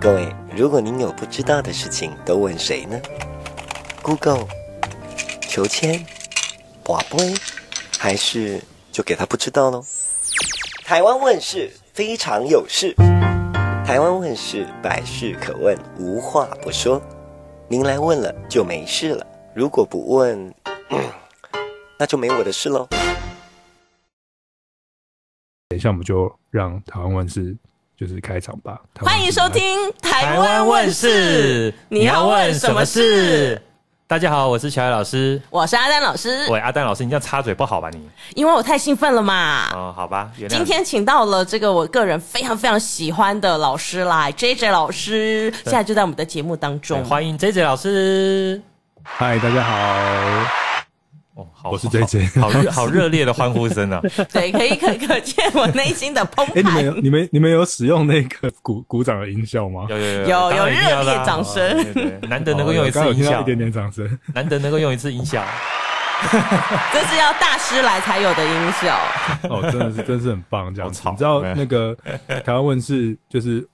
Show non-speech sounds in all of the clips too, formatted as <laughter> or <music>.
各位，如果您有不知道的事情，都問誰呢？Google、求籤、筊杯，還是就給他不知道嘍？台灣問事非常有事，台灣問事百事可問，無話不說。您來問了就沒事了，如果不問，嗯、那就沒我的事嘍。等一下，我們就讓台灣問事。就是開場吧，歡迎收聽台灣《台灣問事》，你要問什麼事？大家好，我是喬艾老師，我是阿丹老師。喂，阿丹老師，你這樣插嘴不好吧？你因為我太興奮了嘛。哦，好吧，今天請到了這個我個人非常非常喜歡的老師來，JJ 老師現在就在我們的節目當中，歡迎 JJ 老師。嗨，大家好。哦、好，我是 JJ 好好熱烈的歡呼聲啊！ <laughs> 對，可以可可見我內心的澎湃、欸。你們、你們、有使用那個鼓鼓掌的音效嗎？有有、啊、有有熱烈掌聲，哦、對對對難得能夠用一次音效，啊、一點點掌聲，難得能夠用一次音效， <laughs> 這是要大師來才有的音效。哦，真的是，真是很棒，這樣子。哦、你知道那個台灣衛視就是。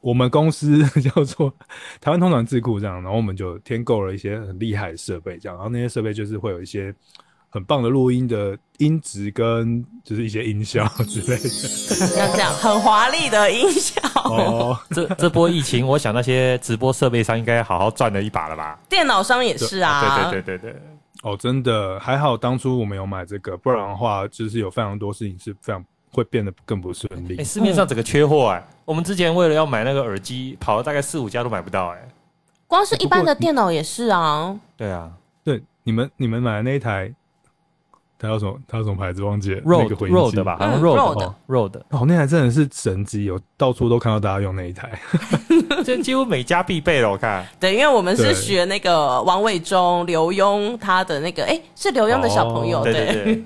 我們公司叫做台灣通傳智庫，這樣，然後我們就添購了一些很厲害的設備，這樣，然後那些設備就是會有一些很棒的錄音的音質，跟就是一些音效之類的。像這樣很華麗的音效。哦，哦，這這波疫情， <laughs> 我想那些直播設備商應該好好賺了一把了吧？電腦商也是啊，啊。對對對對對。哦，真的，還好當初我們有買這個，不然的話，就是有非常多事情是非常不。會變得更不順利。哎，市面上整個缺貨哎！我們之前為了要買那個耳機，跑了大概四五家都買不到哎。光是一般的電腦也是啊。對啊，對，你們你們買的那一台，它要什麼它要什麼牌子忘記了，road road 吧，好像 road road？哦，那台真的是神機，有到處都看到大家用那一台，就幾乎每家必備了。我看，對，因為我們是學那個王偉忠、劉墉他的那個，哎，是劉墉的小朋友，對。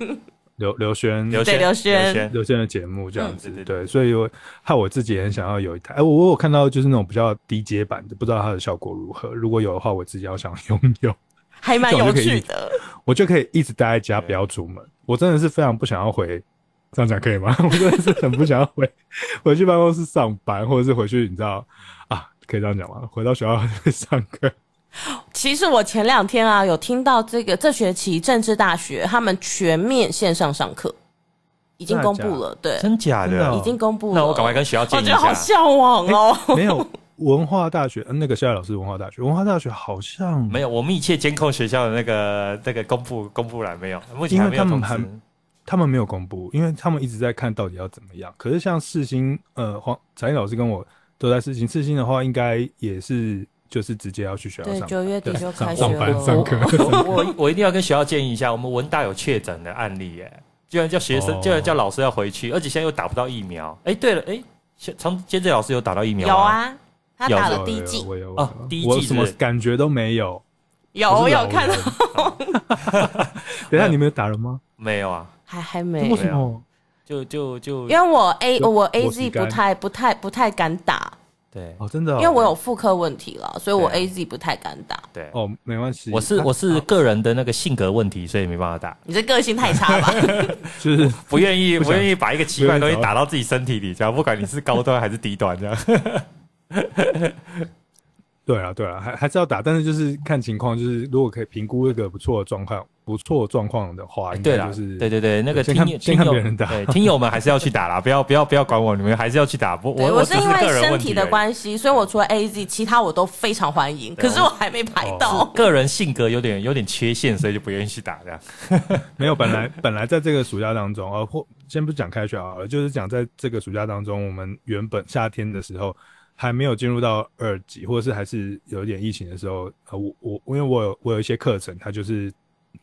劉劉軒，劉軒，劉軒的節目這樣子，對，所以我，害我自己也很想要有一台。哎、欸，我我有看到就是那種比較低階版的，不知道它的效果如何。如果有的話，我自己要想擁有，還蠻有趣的我。我就可以一直待在家，對不要出門。我真的是非常不想要回，這樣講可以嗎？我真的是很不想要回 <laughs> 回去辦公室上班，或者是回去你知道。啊，可以這樣講嗎？回到學校上課。其實我前兩天啊，有聽到這個這學期政治大學他們全面線上上課，已經公布了，對。真假的？已經公布了，那我趕快跟學校確認一下。我覺得好嚮往哦，欸、沒有文化大學，那個夏老師文化大學，文化大學好像 <laughs> 沒有。我們密切監控學校的那個那個公布公布了沒有？目前還沒有通知，因為他們還他們沒有公布，因為他們一直在看到底要怎麼樣。可是像世新，呃，黃彩英老師跟我都在世新，世新的話應該也是。就是直接要去學校上，對，九月底就開學了。上班上課，我我一定要跟學校建議一下，我們文大有確診的案例耶，居然叫學生，居然叫老師要回去，而且現在又打不到疫苗。哎，對了，哎，從現在老師有打到疫苗嗎？有啊，他打了第一劑啊，第一劑什麼感覺都沒有，有有看到？等下你們有打了嗎？沒有啊，還還沒。為什麼？就就就因為我 A 我 A Z 不太不太不太敢打。對哦，真的，因為我有婦科問題了，所以我 AZ 不太敢打。對哦，沒關係，我是我是個人的那個性格問題，所以沒辦法打。你這個性太差了吧？就是不願意，不願意把一個奇怪的東西打到自己身體裡，這樣，不管你是高端還是低端，這樣。對啊，對啊，還還是要打，但是就是看情況，就是如果可以評估一個不錯的狀況，不錯的狀況的話，應該就是對對對，那個先看先看別人打。對，聽友們還是要去打啦，不要不要不要管我，你們還是要去打。不，我是因為身體的關係，所以我除了 AZ，其他我都非常歡迎。可是我還沒排到，個人性格有點有點缺陷，所以就不願意去打。這樣沒有，本來本來在這個暑假當中，啊，或，先不講開學好了，就是講在這個暑假當中，我們原本夏天的時候。還沒有進入到二級，或者是還是有點疫情的時候，呃，我我因為我有我有一些課程，它就是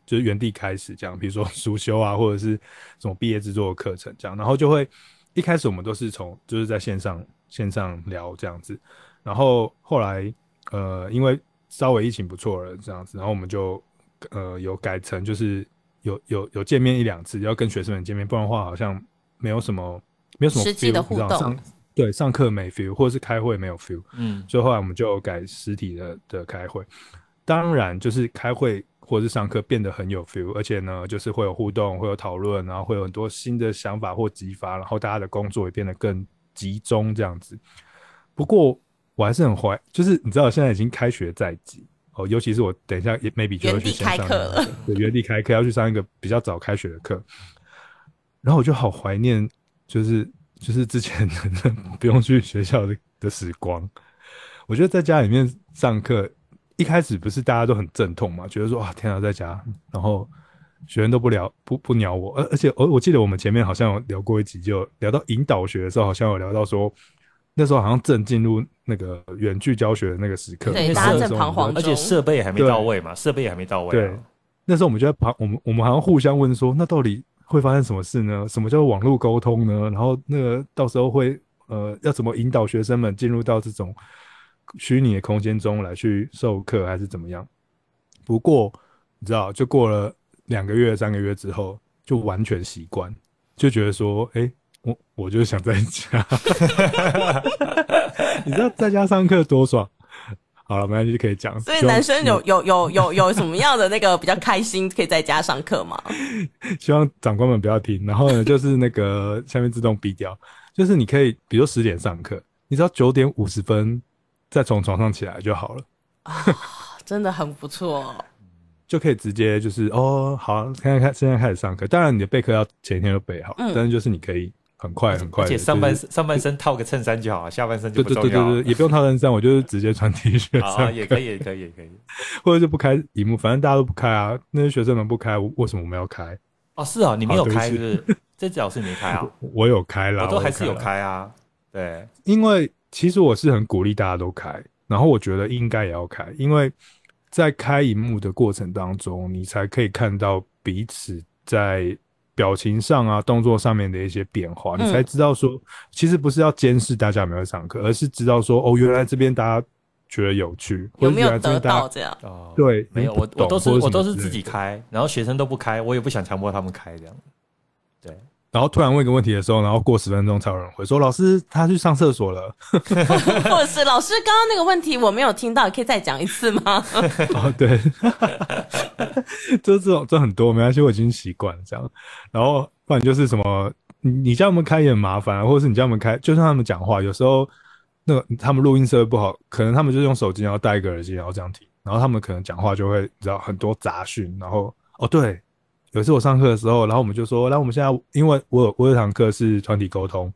就是原地開始這樣，比如說輔修啊，或者是什麼畢業制作的課程這樣，然後就會一開始我們都是從就是在線上線上聊這樣子，然後後來呃，因為稍微疫情不錯了這樣子，然後我們就呃有改成就是有有有見面一兩次，要跟學生們見面，不然的話好像沒有什麼沒有什麼 feel，實際的互動。對，上課沒 feel，或是開會沒有 feel，嗯，所以後來我們就改實體的的開會。當然，就是開會或是上課變得很有 feel，而且呢，就是會有互動，會有討論，然後會有很多新的想法或激發，然後大家的工作也變得更集中這樣子。不過，我還是很懷，就是你知道，我現在已經開學在即哦，尤其是我等一下也 maybe 就要去上課了，原地開課，對，原地開課 <laughs> 要去上一個比較早開學的課，然後我就好懷念，就是。就是之前的不用去學校的的時光，我覺得在家裡面上課，一開始不是大家都很陣痛嘛？覺得說啊天啊，在家，然後學生都不聊，不不鳥我，而而且我我記得我們前面好像有聊過一集，就聊到引導學的時候，好像有聊到說那時候好像正進入那個遠距教學的那個時刻，對，大家彷徨，而且設備也還沒到位嘛，設備也還沒到位。對，那時候我們就在旁，我們我們好像互相,互相問說，那到底？會發生什麼事呢？什麼叫網絡溝通呢？然後那個到時候會呃，要怎麼引導學生們進入到這種虛擬的空間中來去授課，還是怎麼樣？不過你知道，就過了兩個月，三個月之後，就完全習慣，就覺得說，哎，我我就想在家， <laughs> 你知道在家上課多爽。好了，沒關係，就可以講。所以男生有有有有有什麼樣的那個比較開心，可以在家上課嗎？ <laughs> 希望長官們不要聽。然後呢，就是那個下面自動閉掉， <laughs> 就是你可以，比如說十點上課，你只要九點五十分再從床上起來就好了。啊、真的很不錯哦。 <laughs> 就可以直接就是哦，好，現在開現在開始上課。當然你的備課要前一天都備好，嗯、但是就是你可以。很快很快，而且上半身、就是，上半身套個襯衫就好 <laughs> 下半身就對對對對對，也不用套襯衫， <laughs> 我就是直接穿 T 恤、 <laughs> 啊、也可以也可以也可以，或者是不開熒幕，反正大家都不開啊，那些學生們不開、啊，為什麼我們要開？哦，是啊，你沒有開是不是？ <laughs> 這老師沒開啊？我，我有開啦，我都還是有開啊。開，對，因為其實我是很鼓勵大家都開，然後我覺得應該也要開，因為在開熒幕的過程當中，你才可以看到彼此在。表情上啊，動作上面的一些變化，嗯、你才知道說，其實不是要監視大家有沒有上課，而是知道說，哦，原來這邊大家覺得有趣，嗯、或者大家有沒有這樣，對，嗯、沒有我我都是，是我都是自己開，然後學生都不開，我也不想強迫他們開這樣。然後突然問一個問題的時候，然後過十分鐘才有人回說：“老師，他去上廁所了。 <laughs> ”或者是老師剛剛那個問題我沒有聽到，可以再講一次嗎？ <laughs> 哦，對， <laughs> 就是這種，這很多沒關係，我已經習慣了這樣。然後，不然就是什麼，你叫他們開也很麻煩，或者是你叫他們開，就算他們講話，有時候那個他們錄音設備不好，可能他們就用手機，然後戴一個耳機，然後這樣聽，然後他們可能講話就會你知道很多雜訊，然後哦，對。可是我上課的時候，然後我們就說，那我們現在因為我我有堂課是團體溝通，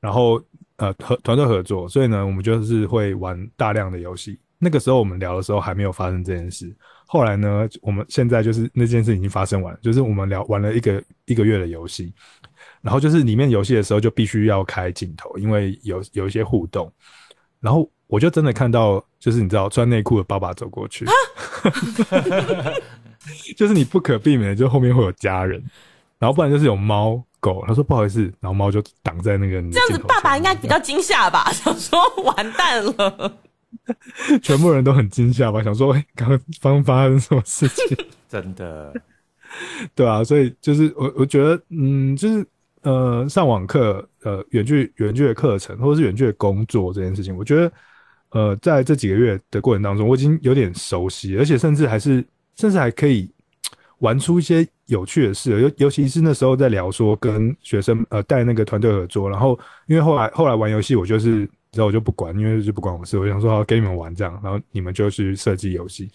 然後呃和團隊合作，所以呢，我們就是會玩大量的遊戲。那個時候我們聊的時候還沒有發生這件事。後來呢，我們現在就是那件事已經發生完了，就是我們聊玩了一個一個月的遊戲，然後就是裡面遊戲的時候就必須要開鏡頭，因為有有一些互動。然後我就真的看到，就是你知道穿內褲的爸爸走過去。啊 <laughs> 就是你不可避免的，就是、後面會有家人，然後不然就是有貓狗。他說不好意思，然後貓就擋在那個人。這樣子，爸爸應該比較驚嚇吧？ <laughs> 想說完蛋了，全部人都很驚嚇吧？想說，欸，剛剛發生什麼事情？真的，對啊。所以就是我，我覺得，嗯，就是呃，上網課，呃，遠距遠距的課程，或者是遠距的工作這件事情，我覺得，呃，在這幾個月的過程當中，我已經有點熟悉，而且甚至還是。甚至還可以玩出一些有趣的事，尤尤其是那時候在聊說跟學生呃帶那個團隊合作，然後因為後來後來玩遊戲，我就是之後我就不管，因為就是不管我事，我想說好給你們玩這樣，然後你們就去設計遊戲。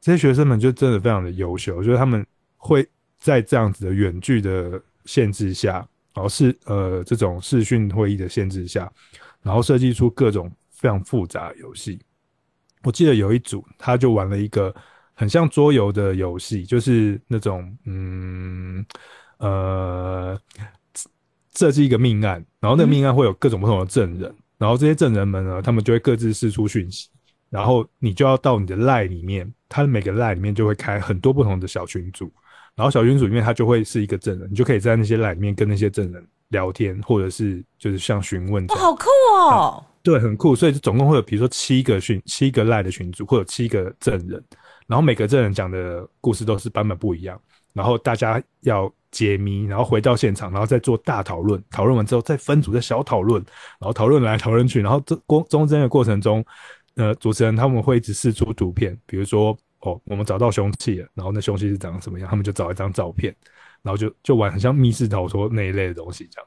這些學生們就真的非常的優秀，我覺得他們會在這樣子的遠距的限制下，然後是呃這種視訊會議的限制下，然後設計出各種非常複雜的遊戲。我記得有一組他就玩了一個。很像桌遊的遊戲，就是那種嗯呃，這是一個命案，然後那個命案會有各種不同的證人，嗯、然後這些證人們呢，他們就會各自釋出訊息，然後你就要到你的賴裡面，他的每個賴裡面就會開很多不同的小群組，然後小群組裡面他就會是一個證人，你就可以在那些賴裡面跟那些證人聊天，或者是就是像詢問這，哇，好酷哦、嗯！對，很酷，所以總共會有比如說七個訊，七個賴的群組，會有七個證人。然後每個證人講的故事都是版本不一樣，然後大家要解謎，然後回到現場，然後再做大討論，討論完之後再分組再小討論，然後討論來討論去，然後這過中間的過程中，呃，主持人他們會一直試出圖片，比如說哦，我們找到凶器了，然後那凶器是長什麼樣，他們就找一張照片，然後就就玩很像密室逃脫那一類的東西，這樣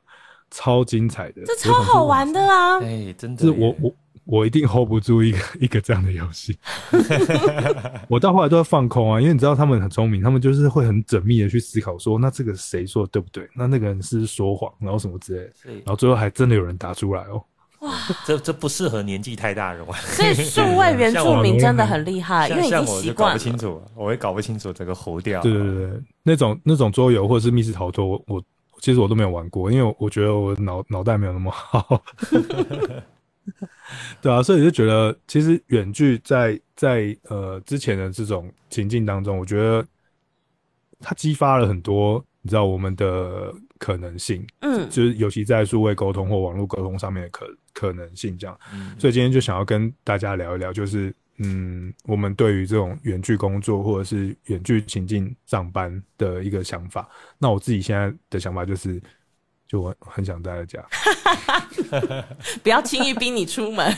超精彩的，這超好玩的啦，哎，真的，是我我。我一定 hold 不住一個一個這樣的遊戲， <laughs> 我到後來都要放空啊，因為你知道他們很聰明，他們就是會很縝密的去思考說，說那這個誰說的對不對？那那個人是說謊，然後什麼之類的，是然後最後還真的有人答出來哦。哇，這這不適合年紀太大人玩。所以數 <laughs> 位原住民真的很厲害，因為你習慣。嗯，我我搞不清楚，我也搞不清楚這個胡調。對，對對對，那種那種桌遊或者是密室逃脫，我其實我都沒有玩過，因為我覺得我腦腦袋沒有那麼好。 <laughs> 對啊，所以就覺得其實遠距在在呃之前的這種情境當中，我覺得它激發了很多你知道我們的可能性，嗯，就是尤其在數位溝通或網絡溝通上面的可可能性這樣。嗯、所以今天就想要跟大家聊一聊，就是嗯，我們對於這種遠距工作或者是遠距情境上班的一個想法。那我自己現在的想法就是。就我很想待在家，不要輕易逼你出門。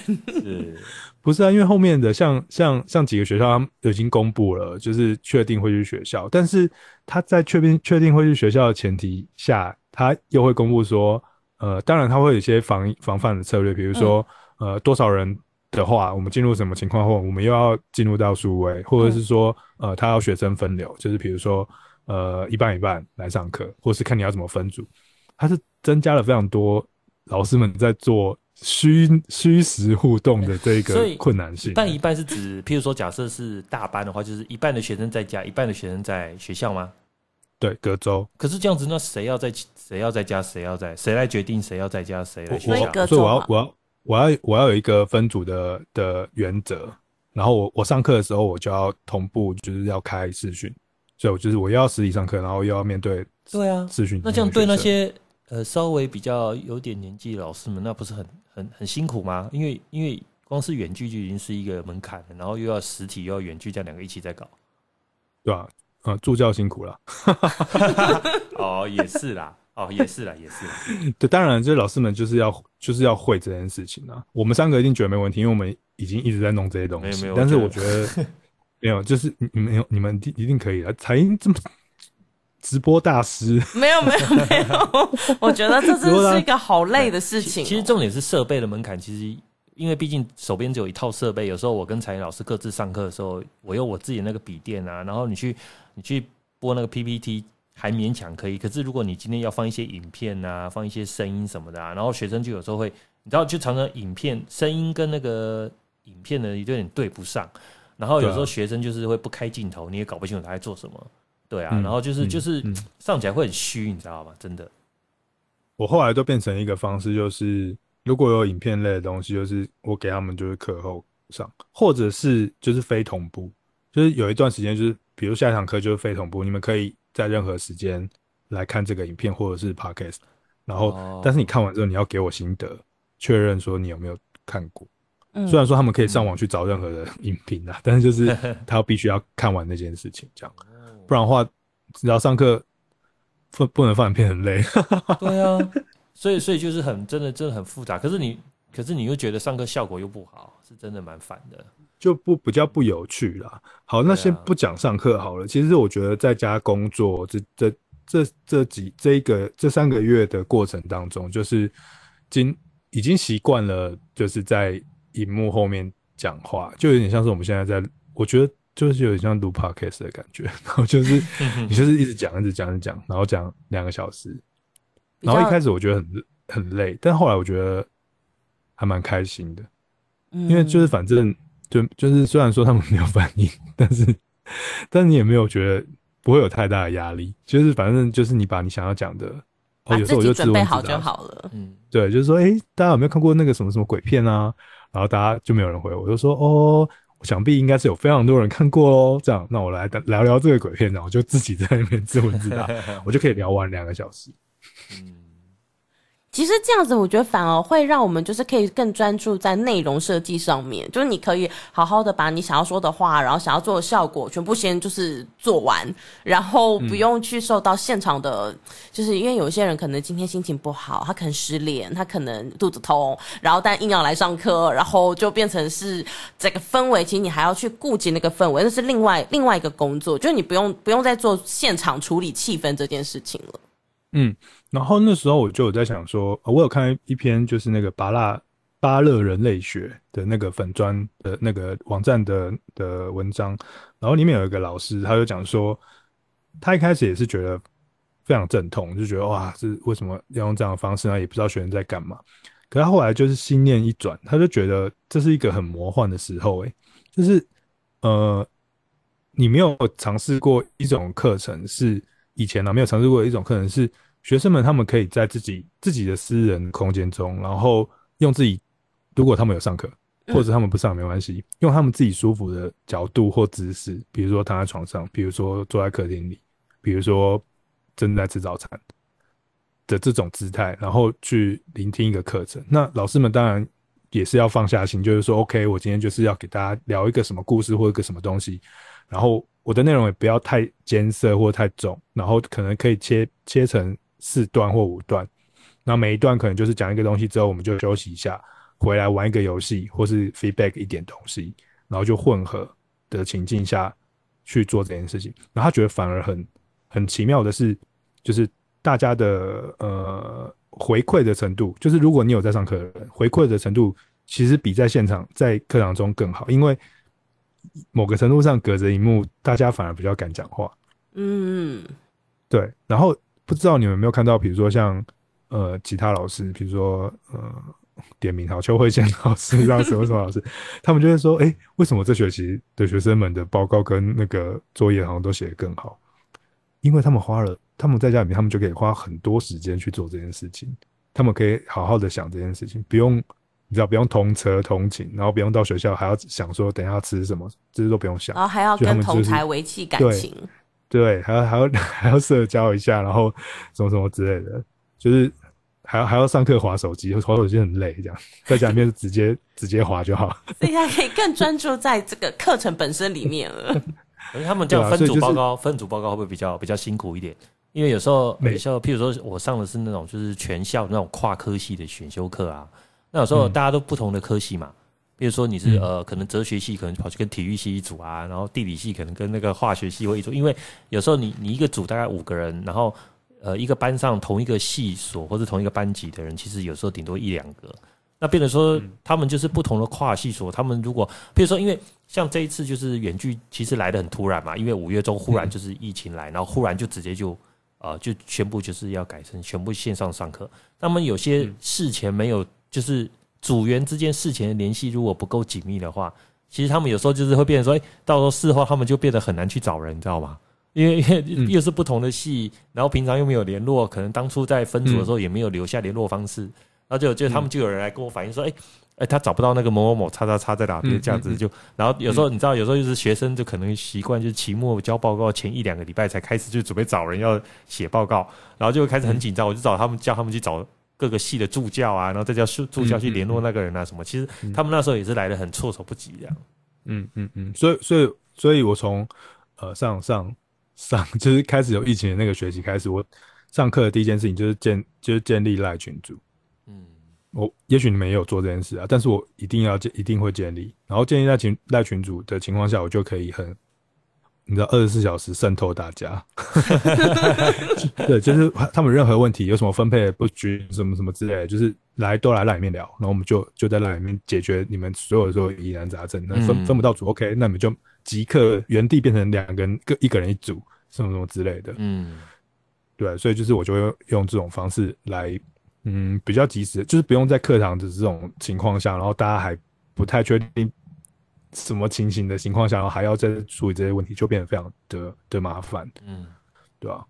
<laughs> 不是啊？因為後面的像像像幾個學校他們已經公布了，就是確定會去學校。但是他在確定確定會去學校的前提下，他又會公布說，呃，當然他會有一些防防範的策略，比如說，嗯、呃，多少人的話，我們進入什麼情況後，我們又要進入到數位，或者是說，呃，他要學生分流，就是比如說，呃，一半一半來上課，或是看你要怎麼分組。它是增加了非常多老師們在做虛虛實互動的這一個困難性。一半一半是指，譬如說，假設是大班的話，就是一半的學生在家，一半的學生在學校嗎？對，隔周。可是這樣子，那誰要在誰要在家，誰要在誰來決定誰要在家，誰來學校？所以，所以我要我要我要我要有一個分組的的原則。然後我我上課的時候我就要同步，就是要開視訊。所以，我就是我要實體上課，然後又要面對對啊視訊。那這樣對那些。呃，稍微比較有點年紀的老師們，那不是很很很辛苦嗎？因為因為光是遠距就已經是一個門檻了，然後又要實體又要遠距，這樣兩個一起在搞，對吧、啊？啊、呃，助教辛苦了。 <laughs> <laughs> 哦，也是啦， <laughs> 哦，也是啦，也是啦。 <laughs> 對，當然，就是老師們就是要就是要會這件事情啊。我們三個一定覺得沒問題，因為我們已經一直在弄這些東西。嗯、沒有，沒有。但是我覺得 <laughs> 沒有，就是你們，你們一定可以的。才這麼。直播大師 <laughs> 沒有沒有沒有，我覺得這真的是一個好累的事情、哦。 <music> 其實重點是設備的門檻，其實因為畢竟手邊只有一套設備。有時候我跟才藝老師各自上課的時候，我用我自己的那個筆電啊，然後你去你去播那個 PPT 還勉強可以。可是如果你今天要放一些影片啊，放一些聲音什麼的、啊，然後學生就有時候會，你知道，就常常影片聲音跟那個影片呢有點對不上。然後有時候學生就是會不開鏡頭，你也搞不清楚他在做什麼。對啊，嗯、然後就是就是、嗯嗯、上起來會很虛，你知道嗎？真的。我後來都變成一個方式，就是如果有影片類的東西，就是我給他們就是課後上，或者是就是非同步，就是有一段時間，就是比如下一堂課就是非同步，你們可以在任何時間來看這個影片或者是 podcast，然後、哦、但是你看完之後你要給我心得，確認說你有沒有看過。嗯、雖然說他們可以上網去找任何的影片啊，嗯、但是就是他必須要看完那件事情這樣。 <laughs> 不然的話，只要上課不不能放影片，很累。對啊， <laughs> 所以所以就是很真的，真的很複雜。可是你可是你又覺得上課效果又不好，是真的蠻煩的，就不比較不有趣啦。好，那先不講上課好了。啊、其實我覺得在家工作這這這這幾這一個這三個月的過程當中，就是經已經習慣了，就是在熒幕後面講話，就有點像是我們現在在我覺得。就是有點像讀 podcast 的感覺，然後就是你就是一直講， <laughs> 一直講，一直講，一直講，然後講兩個小時，較然後一開始我覺得很很累，但後來我覺得還蠻開心的，因為就是反正就、嗯、就，就是雖然說他們沒有反應，但是但是你也沒有覺得不會有太大的壓力，就是反正就是你把你想要講的，有時候我就準備好就好了，嗯，對，就是說，誒大家有沒有看過那個什麼什麼鬼片啊？然後大家就沒有人回我，我就說，哦。我想，必應該是有非常多人看過嘍。這樣，那我來聊聊這個鬼片呢？然後我就自己在那邊自問自答， <laughs> 我就可以聊完兩個小時。 <laughs> 其實這樣子，我覺得反而會讓我們就是可以更專注在內容設計上面。就是你可以好好的把你想要說的話，然後想要做的效果，全部先就是做完，然後不用去受到現場的，就是因為有些人可能今天心情不好，他可能失聯，他可能肚子痛，然後但硬要來上課，然後就變成是這個氛圍。其實你還要去顧及那個氛圍，那是另外另外一個工作，就是你不用不用再做現場處理氣氛這件事情了。嗯。然後那時候我就有在想說，哦、我有看一篇就是那個芭樂芭樂人類學的那個粉專的那個網站的的文章，然後裡面有一個老師，他就講說，他一開始也是覺得非常陣痛，就覺得哇，是為什麼要用這樣的方式啊？也不知道學生在幹嘛。可是他後來就是心念一轉，他就覺得這是一個很魔幻的時候、欸，誒。就是呃，你沒有嘗試過一種課程是以前呢、啊、沒有嘗試過一種課程是。學生們他們可以在自己自己的私人空間中，然後用自己，如果他們有上課，或者他們不上也沒關係，用他們自己舒服的角度或姿勢，比如說躺在床上，比如說坐在客廳裡，比如說正在吃早餐的這種姿態，然後去聆聽一個課程。那老師們當然也是要放下心，就是說，OK，我今天就是要給大家聊一個什麼故事或一個什麼東西，然後我的內容也不要太艱澀或太重，然後可能可以切切成。四段或五段，那每一段可能就是講一個東西之後，我們就休息一下，回來玩一個遊戲，或是 feedback 一點東西，然後就混合的情境下去做這件事情。然後他覺得反而很很奇妙的是，就是大家的呃回饋的程度，就是如果你有在上課的人，回饋的程度其實比在現場在課堂中更好，因為某個程度上隔着熒幕，大家反而比較敢講話。嗯，對，然後。不知道你們有沒有看到，比如說像呃，其他老師，比如說呃，點名好，邱慧賢老師、張什麼什麼老師， <laughs> 他們就會說，哎、欸，為什麼這學期的學生們的報告跟那個作業好像都寫得更好？因為他們花了，他們在家裡面，他們就可以花很多時間去做這件事情，他們可以好好的想這件事情，不用你知道，不用通車通勤，然後不用到學校還要想說等一下要吃什麼，這些都不用想，然後還要跟同台維繫感情。對，還要還要還要社交一下，然後什麼什麼之類的，就是還要還要上課滑手機，滑手機很累，這樣在家裡面直接 <laughs> 直接滑就好。這樣可以更專注在這個課程本身裡面了。 <laughs> 而且他們這種分組報告，啊就是，分組報告會不會比較比較辛苦一點？因為有時候，有時候，譬如說我上的是那種就是全校那種跨科系的選修課啊，那有時候大家都不同的科系嘛。嗯比如說你是呃，可能哲學系可能跑去跟體育系一組啊，然後地理系可能跟那個化學系會一組，因為有時候你你一個組大概五個人，然後呃一個班上同一個系所或者同一個班級的人，其實有時候頂多一兩個，那變得說他們就是不同的跨系所，他們如果比如說因為像這一次就是遠距其實來得很突然嘛，因為五月中忽然就是疫情來，然後忽然就直接就呃就宣布就是要改成全部線上上課，那麼有些事前沒有就是。組員之間事前聯繫如果不夠緊密的話，其實他們有時候就是會變得說，哎，到時候事後他們就變得很難去找人，你知道嗎？因為因為又是不同的系，然後平常又沒有聯絡，可能當初在分組的時候也沒有留下聯絡方式，然後就就他們就有人來跟我反映說，哎，哎，他找不到那個某某某叉叉叉在哪邊這樣子就，然後有時候你知道，有時候就是學生就可能習慣，就是期末交報告前一兩個禮拜才開始就準備找人要寫報告，然後就會開始很緊張，我就找他們叫他們去找，各個系的助教啊，然後再叫助助教去聯絡那個人啊，什麼？嗯嗯、其實他們那時候也是來的很措手不及，這樣。嗯嗯嗯，所以所以所以我從呃上上上，就是開始有疫情的那個學期開始，我上課的第一件事情就是建就是建立賴群組。嗯，我也許你們有做這件事啊，但是我一定要建，一定會建立，然後建立賴群賴群組的情況下，我就可以很。你知道二十四小時滲透大家， <laughs> <laughs> 對，就是他們任何問題有什麼分配，不均什麼什麼之類的，就是來都來那裡面聊，然後我們就就在那裡面解決你們所有的所有疑難雜症。那分分不到組，OK，那你們就即刻原地變成兩個人各一個人一組，什麼什麼之類的。嗯，對，所以就是我就會用這種方式來，嗯，比較及時，就是不用在課堂的這種情況下，然後大家還不太確定，什麼情形的情況下，然後還要再處理這些問題，就變得非常的的麻煩，嗯，對啊。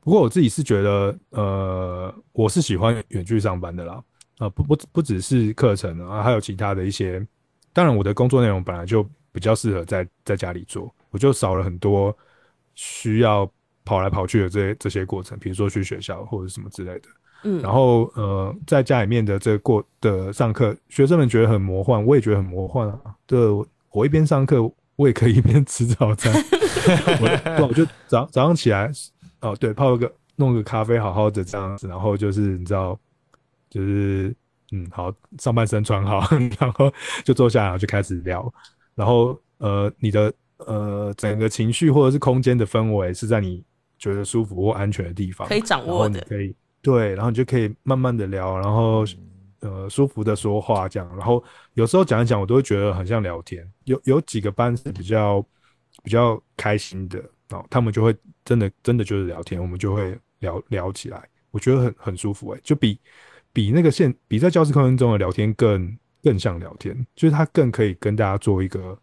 不過我自己是覺得，呃，我是喜歡遠距上班的啦，啊，不不不只是課程啊，還有其他的一些，當然我的工作內容本來就比較適合在在家裡做，我就少了很多需要跑來跑去的這些這些過程，比如說去學校或者什麼之類的。然後呃，在家裡面的這過，的上課，學生們覺得很魔幻，我也覺得很魔幻啊。對，我一邊上課，我也可以一邊吃早餐。我 <laughs> 我就早早上起來，哦對，泡個弄個咖啡，好好的這樣子。然後就是你知道，就是嗯好，上半身穿好，然後就坐下來，然後就開始聊。然後呃你的呃整個情緒或者是空間的氛圍是在你覺得舒服或安全的地方，可以掌握的，可以。對，然後你就可以慢慢的聊，然後呃舒服的說話這樣，然後有時候講一講，我都會覺得很像聊天。有有幾個班是比較比較開心的，哦，他們就會真的真的就是聊天，我們就會聊聊起來，我覺得很很舒服誒、欸，就比比那個現比在教室空間中的聊天更更像聊天，就是他更可以跟大家做一個。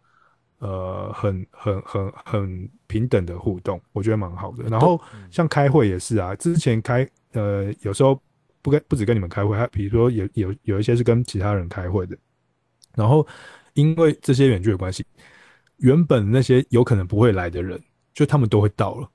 呃，很很很很平等的互動，我覺得蠻好的。然後像開會也是啊，之前開，呃，有時候不跟不只跟你們開會，還比如說有有有一些是跟其他人開會的。然後因為這些遠距的關係，原本那些有可能不會來的人，就他們都會到了。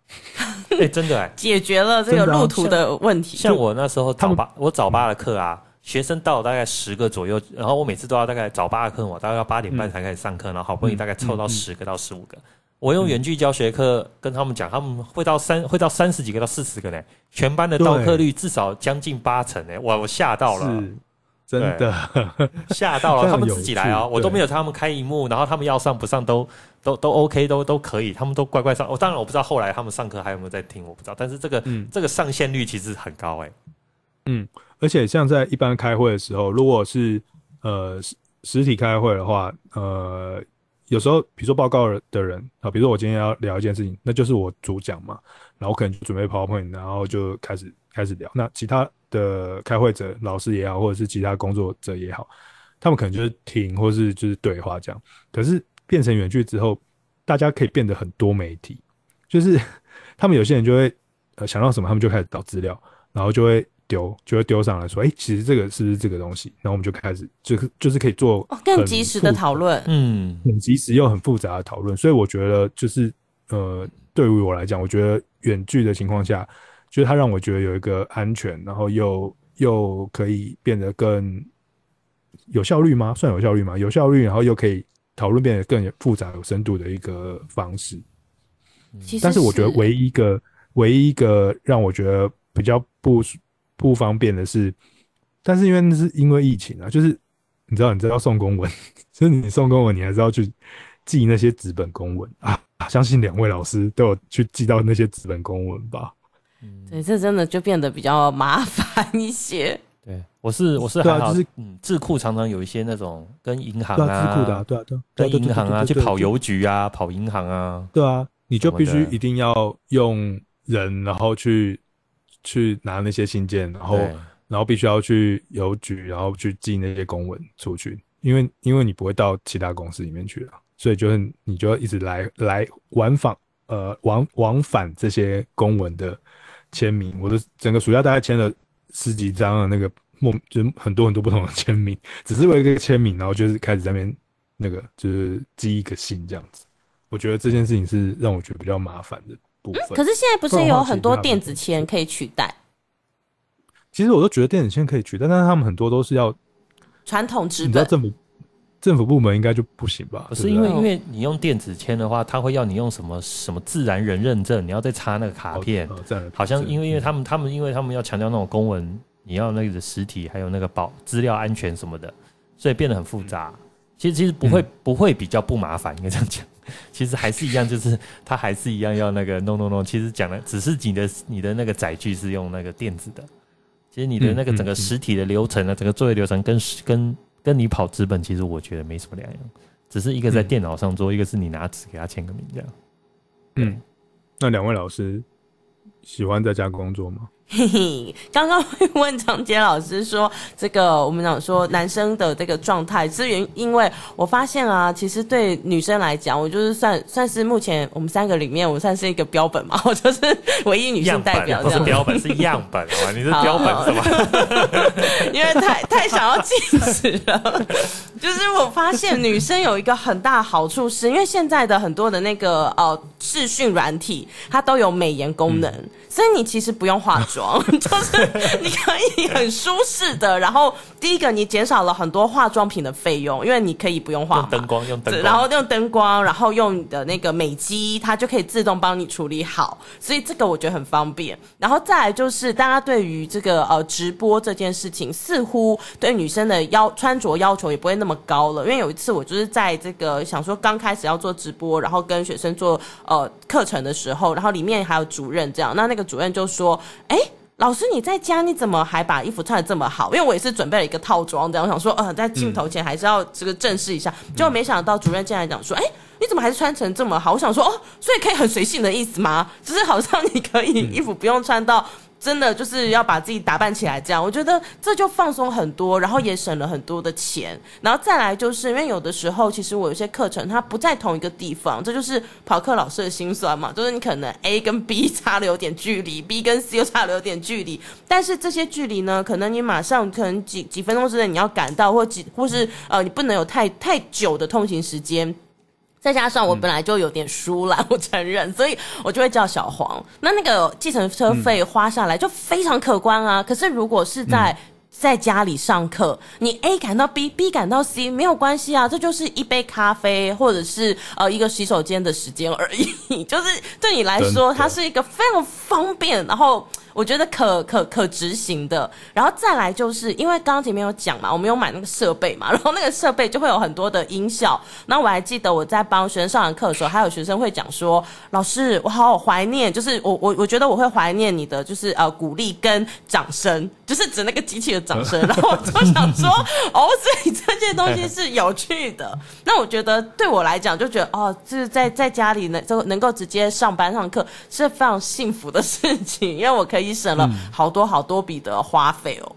對、 <laughs> 欸，真的、欸、解決了這個路途的問題。啊、像，像我那時候早八，們我早八的課啊。學生到大概十個左右，然後我每次都要大概早八課，我大概要八點半才開始上課。然後好不容易大概湊到十個到十五個，嗯、我用遠距教學課跟他們講，他們會到三會到三十幾個到四十個呢，全班的到課率至少將近八成呢，我我嚇到了，是真的嚇到了，他們自己來啊、喔，對我都沒有他們開螢幕，然後他們要上不上都都都 OK 都都可以，他們都乖乖上，我、喔、當然我不知道後來他們上課還有沒有在聽，我不知道，但是這個、嗯、這個上線率其實很高哎。嗯，而且像在一般開會的時候，如果是呃實實體開會的話，呃，有時候比如說報告的人啊，比如說我今天要聊一件事情，那就是我主講嘛，然後我可能就準備 PowerPoint，然後就開始開始聊。那其他的開會者，老師也好，或者是其他工作者也好，他們可能就是聽，或是就是對話這樣。可是變成遠距之後，大家可以變得很多媒體，就是他們有些人就會呃想到什麼，他們就開始找資料，然後就會。丟就會丟上來說，哎、欸，其實這個是這個東西。然後我們就開始，就就是可以做、哦、更及時的討論，嗯，很及時又很複雜的討論。嗯、所以我覺得，就是呃，對於我來講，我覺得遠距的情況下，就是它讓我覺得有一個安全，然後又又可以變得更有效率嗎？算有效率嗎？有效率，然後又可以討論變得更複雜、有深度的一個方式。嗯、但是我覺得唯一一個、唯一一個讓我覺得比較不。不方便的是，但是因為那是因為疫情啊，就是你知道，你知道送公文，所、就、以、是、你送公文，你還知道去寄那些紙本公文啊。相信兩位老師都有去寄到那些紙本公文吧、嗯？對，這真的就變得比較麻煩一些。對，我是我是還好對啊，就是嗯，智庫常常有一些那種跟銀行啊，智庫的對啊對，對銀行啊，去跑郵局啊，跑銀行啊，對啊，你就必須一定要用人，然後去。去拿那些信件，然後對然後必須要去郵局，然後去寄那些公文出去，因為因為你不會到其他公司裡面去了，所以就很，你就要一直來來往返，呃，往往返這些公文的簽名。我的整個暑假大概簽了十幾張的那個墨，就是，很多很多不同的簽名，只是為了一個簽名，然後就是開始在那邊那個就是寄一個信這樣子。我覺得這件事情是讓我覺得比較麻煩的。嗯，可是現在不是有很多電子簽可以取代？其實我都覺得電子簽可以取代，但是他們很多都是要傳統紙本。你知道政府政府部門應該就不行吧？不是因為吧因為你用電子簽的話，他會要你用什麼什麼自然人認證，你要再插那個卡片，okay, okay, 好像因為因為他們他們因為他們要強調那種公文，你要那個實體還有那個保資料安全什麼的，所以變得很複雜。嗯、其實其實不會、嗯、不會比較不麻煩，應該這樣講。其實還是一樣，就是他還是一樣要那個 no no no, no，其實講的只是你的你的那個載具是用那個電子的，其實你的那個整個實體的流程呢、啊，整個作業流程跟跟跟你跑紙本，其實我覺得沒什麼兩樣，只是一個在電腦上做，一個是你拿紙給他簽個名這樣嗯。嗯，那兩位老師喜歡在家工作嗎？嘿嘿，剛剛問張傑老師說這個，我們講說男生的這個狀態，是原因為我發現啊，其實對女生來講，我就是算算是，目前我們三個裡面，我們算是一個標本嘛，我就是唯一女性代表。不是標本是樣本，你是標本是嗎？因為太太想要禁止了，就是我發現女生有一個很大好處是，是因為現在的很多的那個呃視訊軟體，它都有美顏功能。嗯所以你其實不用化妝，就是你可以很舒適的。然後第一個，你減少了很多化妝品的費用，因為你可以不用化妝，用燈光，用燈光，然後用燈光，然後用你的那個美肌，它就可以自動幫你處理好。所以這個我覺得很方便。然後再來就是，大家對於這個呃直播這件事情，似乎對女生的要穿着要求也不會那麼高了。因為有一次我就是在這個想說剛開始要做直播，然後跟學生做呃課程的時候，然後裡面還有主任這樣，那那個。主任就說：“哎，老師，你在家你怎麼還把衣服穿的這麼好？因為我也是準備了一個套裝，這樣我想說，呃，在鏡頭前還是要這個正式一下。嗯、結果沒想到主任進來講說，哎，你怎麼還是穿成這麼好？我想說，哦，所以可以很隨性的意思嗎？只是好像你可以、嗯、衣服不用穿到。”真的就是要把自己打扮起來，這樣我覺得這就放鬆很多，然後也省了很多的錢，然後再來就是因為有的時候其實我有些課程它不在同一個地方，這就是跑課老師的辛酸嘛，就是你可能 A 跟 B 差了有點距離，B 跟 C 又差了有點距離，但是這些距離呢，可能你馬上可能幾幾分鐘之內你要趕到，或幾或是呃你不能有太太久的通勤時間。再加上我本來就有點疏懶，嗯、我承認，所以我就會叫小黃。那那個計程車費花下來就非常可觀啊。嗯、可是如果是在、嗯、在家裡上課，你 A 趕到 B，B 趕到 C，沒有關係啊。這就是一杯咖啡或者是呃一個洗手間的時間而已，就是對你來說，真的。它是一個非常方便，然後。我覺得可可可執行的，然後再來就是因為剛剛前面有講嘛，我們有買那個設備嘛，然後那個設備就會有很多的音效。那我還記得我在幫學生上完課的時候，還有學生會講說，老師，我好好懷念，就是我我我覺得我會懷念你的，就是呃鼓勵跟掌聲。就是指那個機器的掌聲，嗯、然後我就想說，嗯、哦，所以這些東西是有趣的。唉 那我覺得對我來講，就覺得哦，就是在在家裡能就能夠直接上班上課是非常幸福的事情，因為我可以省了好多好多筆的花費哦。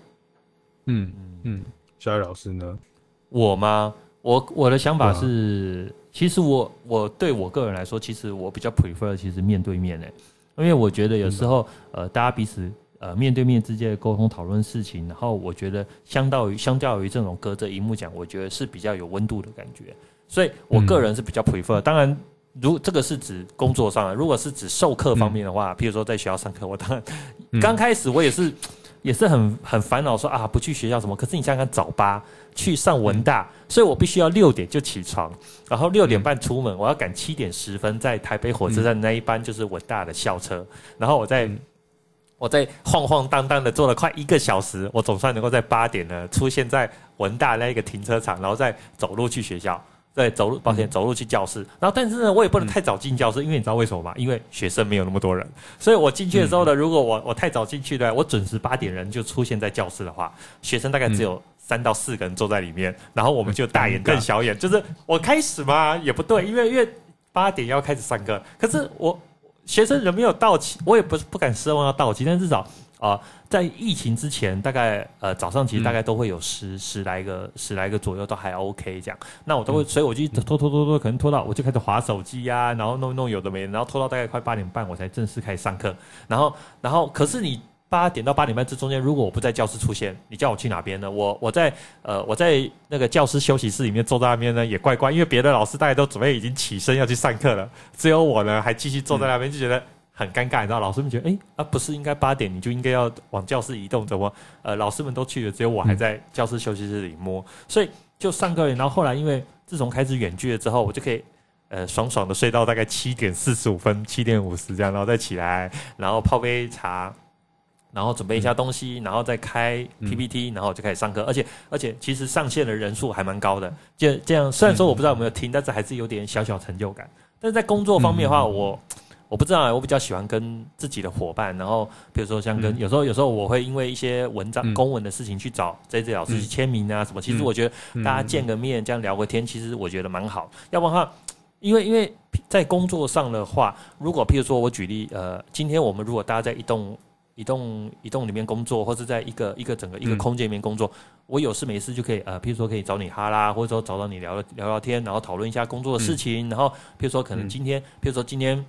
嗯嗯嗯，小、嗯、艾老師呢？我嗎？我我的想法是，啊、其實我我對我個人來說，其實我比較 prefer 其實面對面的、欸，因為我覺得有時候白呃，大家彼此。呃，面對面之間的溝通討論事情，然後我覺得相於，相當於相較於這種隔着螢幕講，我覺得是比較有溫度的感覺。所以我個人是比較 prefer、嗯。當然，如這個是指工作上，如果是指授課方面的話，嗯、譬如說在學校上課，我當然剛、嗯、開始我也是也是很很煩惱，說啊不去學校什麼。可是你想想早八去上文大，嗯、所以我必須要六點就起床，然後六點半出門，嗯、我要趕七點十分在台北火車站那一班就是文大的校車，嗯、然後我在。嗯我在晃晃蕩蕩的坐了快一個小時，我總算能夠在八點呢出現在文大那一個停車場，然後再走路去學校。對，走路，抱歉，嗯、走路去教室。然後，但是呢，我也不能太早進教室，嗯、因為你知道為什麼嗎？因為學生沒有那麼多人，所以我進去的時候呢，嗯、如果我我太早進去的話，我準時八點人就出現在教室的話，學生大概只有三到四個人坐在裡面，然後我們就大眼瞪小眼，個就是我開始嘛也不對，因為因為八點要開始上課，可是我。嗯學生人沒有到齊，我也不不敢奢望他到齊，但至少啊、呃，在疫情之前，大概呃早上其實大概都會有十、嗯、十來個十來個左右都還 OK 這樣，那我都會，嗯、所以我就拖拖拖拖，可能拖到我就開始滑手機呀、啊，然後弄弄有的沒的，然後拖到大概快八點半我才正式開始上課，然後然後可是你。八點到八點半這中間，如果我不在教室出現，你叫我去哪邊呢？我我在呃我在那個教室休息室裡面坐在那邊呢，也怪怪，因為別的老師大家都準備已經起身要去上課了，只有我呢還繼續坐在那邊，嗯、就覺得很尷尬。然後老師們覺得，哎、欸、啊不是應該八點你就應該要往教室移動，怎麼？呃，老師們都去了，只有我還在教室休息室裡摸，嗯、所以就上課了。然後後來因為自從開始遠距了之後，我就可以呃爽爽的睡到大概七點四十五分、七點五十這樣，然後再起來，然後泡杯茶。然後準備一下東西，嗯、然後再開 PPT、嗯、然後就開始上課。而且而且，其實上線的人數還蠻高的。就這樣，雖然說我不知道有沒有聽，嗯、但是還是有點小小成就感。但是在工作方面的話，嗯、我我不知道、啊，我比較喜歡跟自己的伙伴，然後比如說像跟、嗯、有時候有時候我會因為一些文章、嗯、公文的事情去找 J J 老師去簽名啊什麼。嗯、其實我覺得大家見個面這樣聊個天，其實我覺得蠻好。要不然的話，因為因為在工作上的話，如果譬如說我舉例，呃，今天我們如果大家在一棟。移動移動裡面工作，或是在一個一個整個一個空間裡面工作，嗯、我有事沒事就可以呃，譬如說可以找你哈啦，或者說找到你聊聊聊天，然後討論一下工作的事情，嗯、然後譬如說可能今天，嗯、譬如說今天，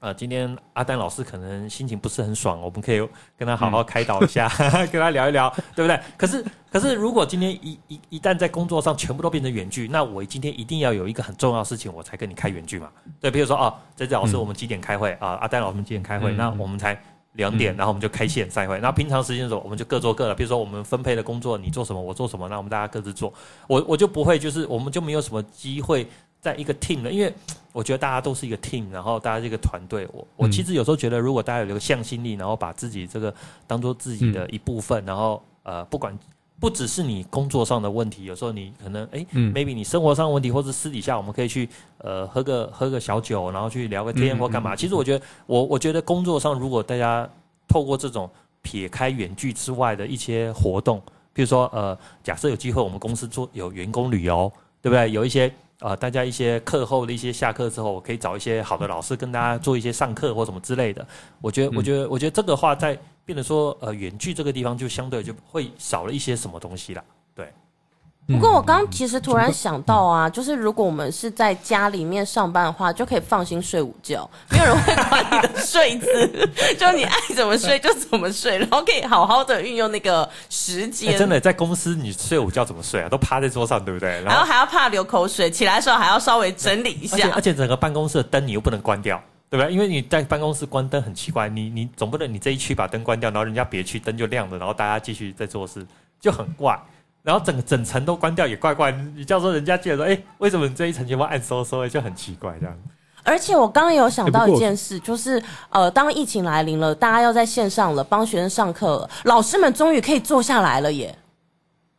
呃，今天阿丹老師可能心情不是很爽，我們可以跟他好好開導一下，嗯、 <laughs> 跟他聊一聊，對不對？可是可是如果今天一一一旦在工作上全部都變成遠距，那我今天一定要有一個很重要的事情，我才跟你開遠距嘛。對，譬如說啊，珍、哦、珍老師我們幾點開會，嗯、啊？阿丹老師我們幾點開會？嗯嗯那我們才。兩點，然後我們就開線在會。然後平常時間的時候，我們就各做各的。比如說，我們分配的工作，你做什麼，我做什麼。那我們大家各自做。我我就不會，就是我們就沒有什麼機會在一個 team 了。因為我覺得大家都是一個 team，然後大家是一個團隊。我我其實有時候覺得，如果大家有這個向心力，然後把自己這個當做自己的一部分，然後呃，不管。不只是你工作上的問題，有時候你可能哎，欸，嗯，maybe 你生活上的問題或者私底下，我們可以去呃喝個喝個小酒，然後去聊個天嗯嗯或幹嘛。其實我覺得，我我覺得工作上如果大家透過這種撇開遠距之外的一些活動，譬如說呃，假設有機會我們公司做有員工旅遊，對不對？有一些。啊、呃，大家一些課後的一些下課之後，我可以找一些好的老師跟大家做一些上課或什麼之類的。我覺得，我覺得，我覺得這個話在變得說，呃，遠距這個地方就相對就會少了一些什麼東西啦，對。不過我剛，剛其實突然想到啊，就是如果我們是在家裡面上班的話，就可以放心睡午覺，沒有人會管你的睡姿， <laughs> <laughs> 就你愛怎麼睡就怎麼睡，然後可以好好的運用那個時間。欸，真的，在公司你睡午覺怎麼睡啊？都趴在桌上，對不對？然後，然後還要怕流口水，起來的時候還要稍微整理一下而。而且整個辦公室的燈你又不能關掉，對不對？因為你在辦公室關燈很奇怪，你你總不能你這一區把燈關掉，然後人家別區燈就亮着，然後大家繼續在做事就很怪。然後整個整層都關掉也怪怪，你叫做人家覺得說，哎、欸，為什麼你這一層全部暗嗖嗖的，就很奇怪這樣。而且我剛，剛有想到一件事，就是呃，當疫情來臨了，大家要在線上了，幫學生上課了，老師們終於可以坐下來了耶。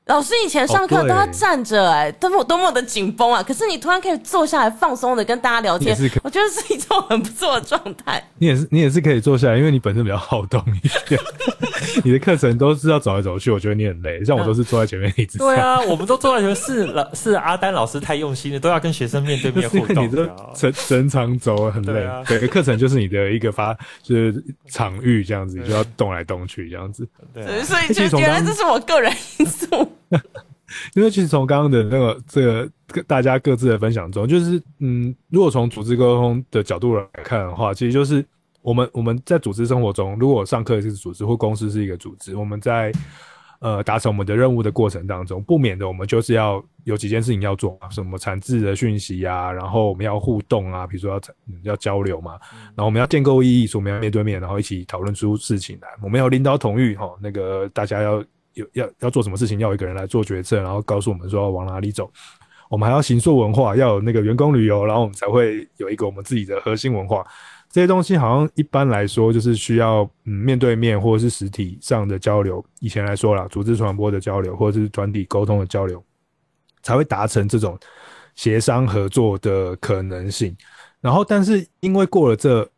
老師以前上課都要站着，欸，哎、oh, 對，多麼多麼的緊繃啊！可是你突然可以坐下來，放鬆的跟大家聊天，是我覺得是一種很不錯的狀態。你也是，你也是可以坐下來，因為你本身比較好動一點。 <laughs> <laughs> 你的課程都是要走來走去，我覺得你很累。像我都是坐在前面一直。上，啊。對啊，我們都坐在前面，是老是阿丹老師太用心了，都要跟學生面對面互動。你的整整場走很累，每個課程就是你的一個發就是場域這樣子，你就要動來動去這樣子。對、啊，所以就覺得這是我個人因素。哈哈， <laughs> 因為其實從剛剛的那個這個大家各自的分享中，就是嗯，如果從組織溝通的角度來看的話，其實就是我們我們在組織生活中，如果上課也是組織或公司是一個組織，我們在呃達成我們的任務的過程當中，不免的我們就是要有幾件事情要做，什麼產製的訊息啊，然後我們要互動啊，比如說要要交流嘛，然後我們要建構意義，所以我們要面對面，然後一起討論出事情來，我們要領導統御哈，那個大家要。要要做什麼事情，要有一個人來做決策，然後告訴我們說要往哪裡走。我們還要形塑文化，要有那個員工旅遊，然後我們才會有一個我們自己的核心文化。這些東西好像一般來說就是需要嗯面對面或者是實體上的交流。以前來說啦，組織傳播的交流或者是團體溝通的交流，才會達成這種協商合作的可能性。然後，但是因為過了這，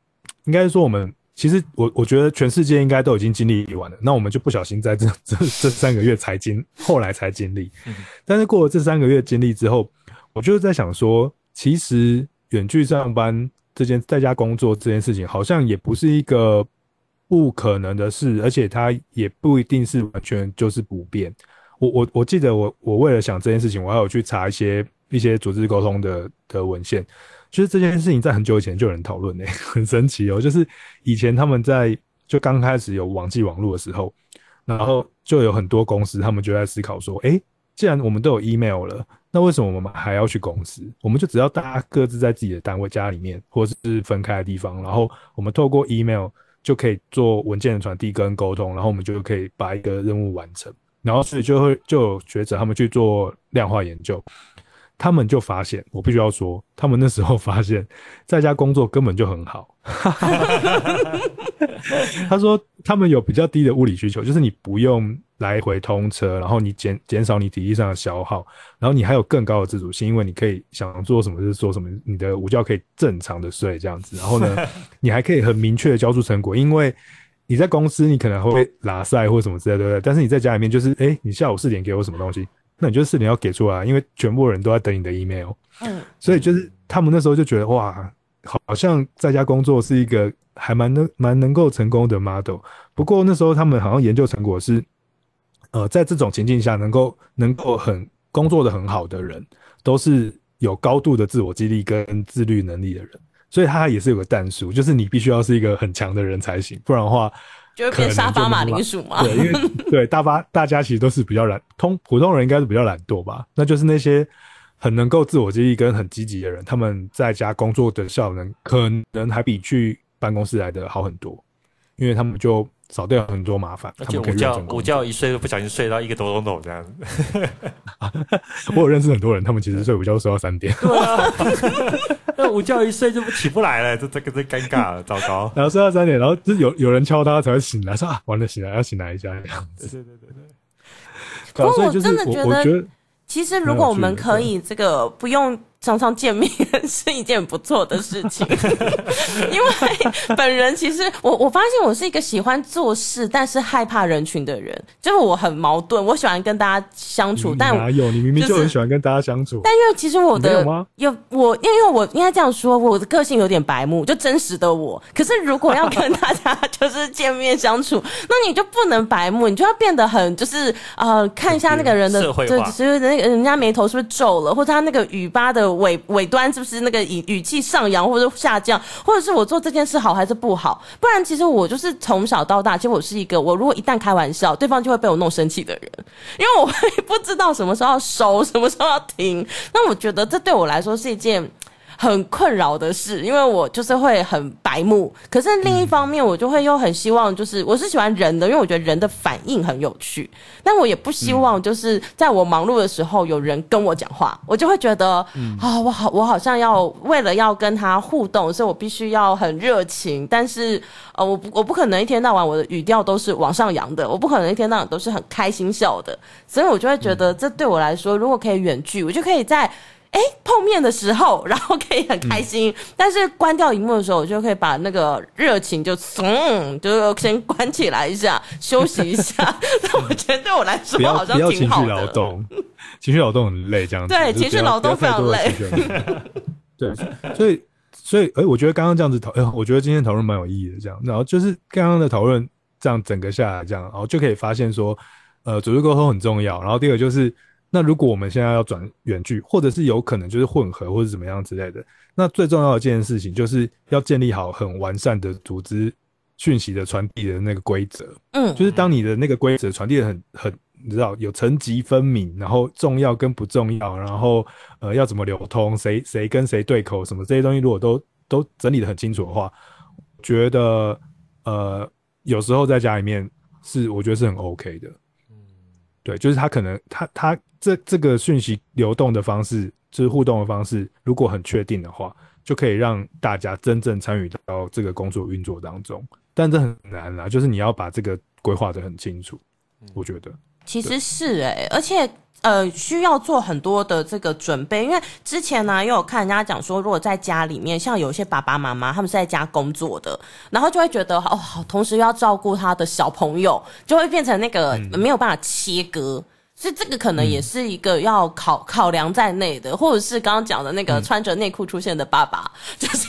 應該是說我們。其實我我覺得全世界應該都已經經歷完了，那我們就不小心在這這這三個月才經後來才經歷。但是過了這三個月經歷之後，我就在想說，其實遠距上班這件在家工作這件事情，好像也不是一個不可能的事，而且它也不一定是完全就是不變。我我我記得我我為了想這件事情，我還有去查一些一些組織溝通的的文獻。就是這件事情在很久以前就有人討論欸，很神奇喔。就是以前他們在就剛開始有網際網路的時候，然後就有很多公司他們就在思考說，欸，既然我們都有 email 了，那為什麼我們還要去公司？我們就只要大家各自在自己的單位、家裡面或是分開的地方，然後我們透過 email 就可以做文件的傳遞跟溝通，然後我們就可以把一個任務完成。然後所以就會就有學者他們去做量化研究。他們就發現，我必須要說，他們那時候發現，在家工作根本就很好。 <laughs> <laughs> 他說，他們有比較低的物理需求，就是你不用來回通車，然後你減減少你體力上的消耗，然後你還有更高的自主性，因為你可以想做什麼就做什麼，你的午覺可以正常的睡這樣子。然後呢， <laughs> 你還可以很明確的交出成果，因為你在公司你可能會被拉塞或什麼之類，對不對？但是你在家裡面就是，哎、欸，你下午四點給我什麼東西？那你就四點要給出來，因為全部人都在等你的 email。嗯。嗯，所以就是他們那時候就覺得哇，好像在家工作是一個還蠻能蠻能夠成功的 model。不過那時候他們好像研究成果是，呃，在這種情境下能，能夠能夠很工作的很好的人，都是有高度的自我激勵跟自律能力的人。所以他也是有個但書，就是你必須要是一個很強的人才行，不然的話。就會變沙發馬鈴薯嘛， <laughs> 對，因為對大巴，大家其實都是比較懶，通普通人應該是比較懶惰吧。那就是那些很能夠自我激勵跟很積極的人，他們在家工作的效能可能還比去辦公室來的好很多，因為他們就。少掉很多麻煩。而且就午覺，午覺一睡，不小心睡到一個多鐘頭這樣子。 <laughs> <laughs> 我有認識很多人，他們其實睡午覺睡到三點。對啊。那午覺一睡就不起不來了，這這個真尷尬了，糟糕。然後睡到三點，然後就有有人敲他才會醒來，說啊，完了醒來要醒來一下這樣子。對對對對。不過 <laughs> 對我真的覺得， <laughs> 其實如果我們可以這個不用。常常見面是一件不錯的事情， <laughs> <laughs> 因為本人其實我我發現我是一個喜歡做事，但是害怕人群的人，就是我很矛盾。我喜歡跟大家相處，你但我哪有，你明明就很喜歡跟大家相處？就是、但因為其實我的有嗎？有。我因為我應該這樣說，我的個性有點白目，就真實的我。可是如果要跟大家就是見面相處， <laughs> 那你就不能白目，你就要變得很就是呃看一下那個人的，對，其實那個人家眉頭是不是皺了，或者他那個嘴巴的。尾尾端是不是那個語語氣上揚或者下降，或者是我做這件事好還是不好？不然其實我就是從小到大，其實我是一個，我如果一旦開玩笑，對方就會被我弄生氣的人，因為我會不知道什麼時候要收，什麼時候要停。那我覺得這對我來說是一件。很困擾的事，因為我就是會很白目。可是另一方面，我就會又很希望，就是、嗯、我是喜歡人的，因為我覺得人的反應很有趣。但我也不希望，就是在我忙碌的時候有人跟我講話，我就會覺得啊、嗯、哦，我好，我好像要為了要跟他互動，所以我必須要很熱情。但是呃，我不我不可能一天到晚我的語調都是往上揚的，我不可能一天到晚都是很開心笑的。所以我就會覺得，這對我來說，嗯、如果可以遠距，我就可以在。誒、欸，碰面的時候，然後可以很開心。嗯、但是關掉熒幕的時候，我就可以把那個熱情就鬆，嗯、就先關起來一下， <laughs> 休息一下。那我覺得對我來說好像挺好的。不要，不要情緒勞動，情緒勞動很累，這樣子。對，情緒勞動非常累。對，所以所以誒、欸，我覺得剛剛這樣子討、欸，我覺得今天討論蠻有意義的。這樣，然後就是剛剛的討論這樣整個下來，這樣，然後就可以發現說，呃，組織溝通很重要。然後第二個就是。那如果我們現在要轉遠距，或者是有可能就是混合，或者怎麼樣之類的，那最重要的一件事情就是要建立好很完善的組織訊息的傳遞的那個規則。嗯，就是當你的那個規則傳遞的很很，你知道有層級分明，然後重要跟不重要，然後呃要怎麼流通，誰誰跟誰對口，什麼這些東西如果都都整理的很清楚的話，覺得呃有時候在家裡面是我覺得是很 OK 的。嗯，對，就是他可能他他。他這這個訊息流動的方式，就是互動的方式，如果很確定的話，就可以讓大家真正參與到這個工作運作當中。但這很難啦、啊，就是你要把這個規劃得很清楚，嗯、我覺得其實是哎、欸，對而且呃，需要做很多的這個準備，因為之前呢、啊，又有看人家講說，如果在家裡面，像有一些爸爸媽媽他們是在家工作的，然後就會覺得哦，同時又要照顧他的小朋友，就會變成那個、嗯、沒有辦法切割。所以這個可能也是一個要考、嗯、考量在內的，或者是剛剛講的那個穿着內褲出現的爸爸，嗯、就是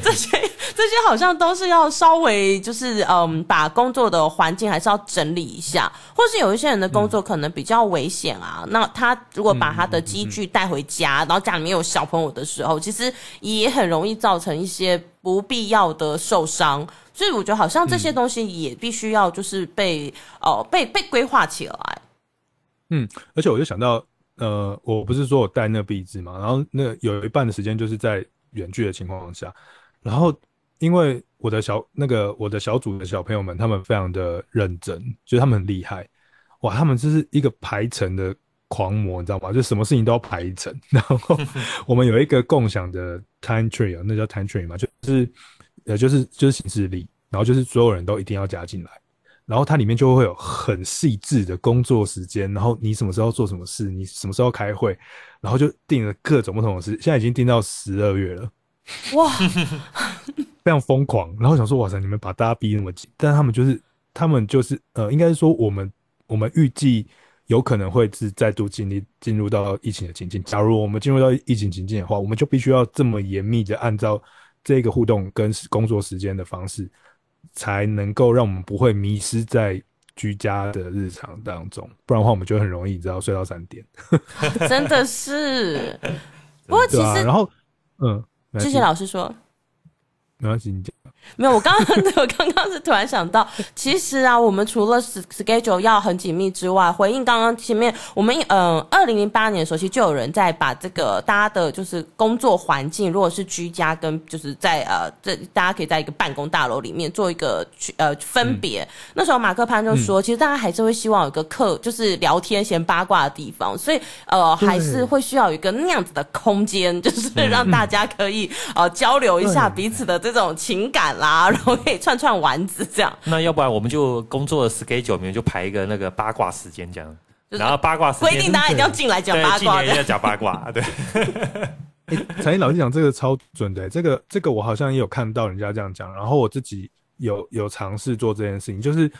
這些這些好像都是要稍微就是嗯，把工作的環境還是要整理一下，或是有一些人的工作可能比較危險啊。嗯、那他如果把他的機具帶回家，嗯嗯嗯、然後家裡面有小朋友的時候，其實也很容易造成一些不必要的受傷。所以我覺得好像這些東西也必須要就是被哦、嗯呃、被被規劃起來。嗯，而且我就想到，呃，我不是說我帶那個畢製嘛，然後那個有一半的時間就是在遠距的情況下，然後因為我的小那個我的小組的小朋友們，他們非常的認真，就他們很厲害，哇，他們就是一個排程的狂魔，你知道嗎？就什麼事情都要排程，然後我們有一個共享的 time tree 啊，ree, <laughs> 那叫 time tree 嘛，就是呃就是就是行事曆，然後就是所有人都一定要加進來。然後它裡面就會有很細緻的工作時間，然後你什麼時候做什麼事，你什麼時候開會，然後就定了各種不同的事。現在已經定到十二月了，哇， <laughs> 非常瘋狂。然後想說，哇塞，你們把大家逼那麼緊，但他們就是，他們就是，呃，應該是說我們，我們預計有可能會是再度經歷進入到疫情的情境。假如我們進入到疫情情境的話，我們就必須要這麼嚴密的按照這個互動跟工作時間的方式。才能夠讓我們不會迷失在居家的日常當中，不然的話，我們就很容易，你知道，睡到三點。 <laughs> 真的是， <laughs> 真的不過其實、對啊，然後，嗯，謝謝老師說，沒關係，你講。 <laughs> 沒有，我剛剛我剛剛是突然想到，其實啊，我們除了 schedule 要很緊密之外，回應剛剛前面我們嗯，二零零八年的時候，其實就有人在把這個大家的就是工作環境，如果是居家跟就是在呃，這大家可以在一個辦公大樓裡面做一個去呃分別。嗯、那時候馬克潘就說，嗯、其實大家還是會希望有一個客就是聊天、閒八卦的地方，所以呃，對對還是會需要有一個那樣子的空間，就是讓大家可以對對呃交流一下彼此的這種情感。敢啦，然後可以串串丸子這樣。那要不然我們就工作的 schedule 裡面就排一個那個八卦時間這樣。就是、然後八卦規定大家一定要進來講八卦，一定要講八卦，對。陳英、 <laughs> 欸、老師講這個超準的、欸，這個這個我好像也有看到人家這樣講，然後我自己有有嘗試做這件事情，就是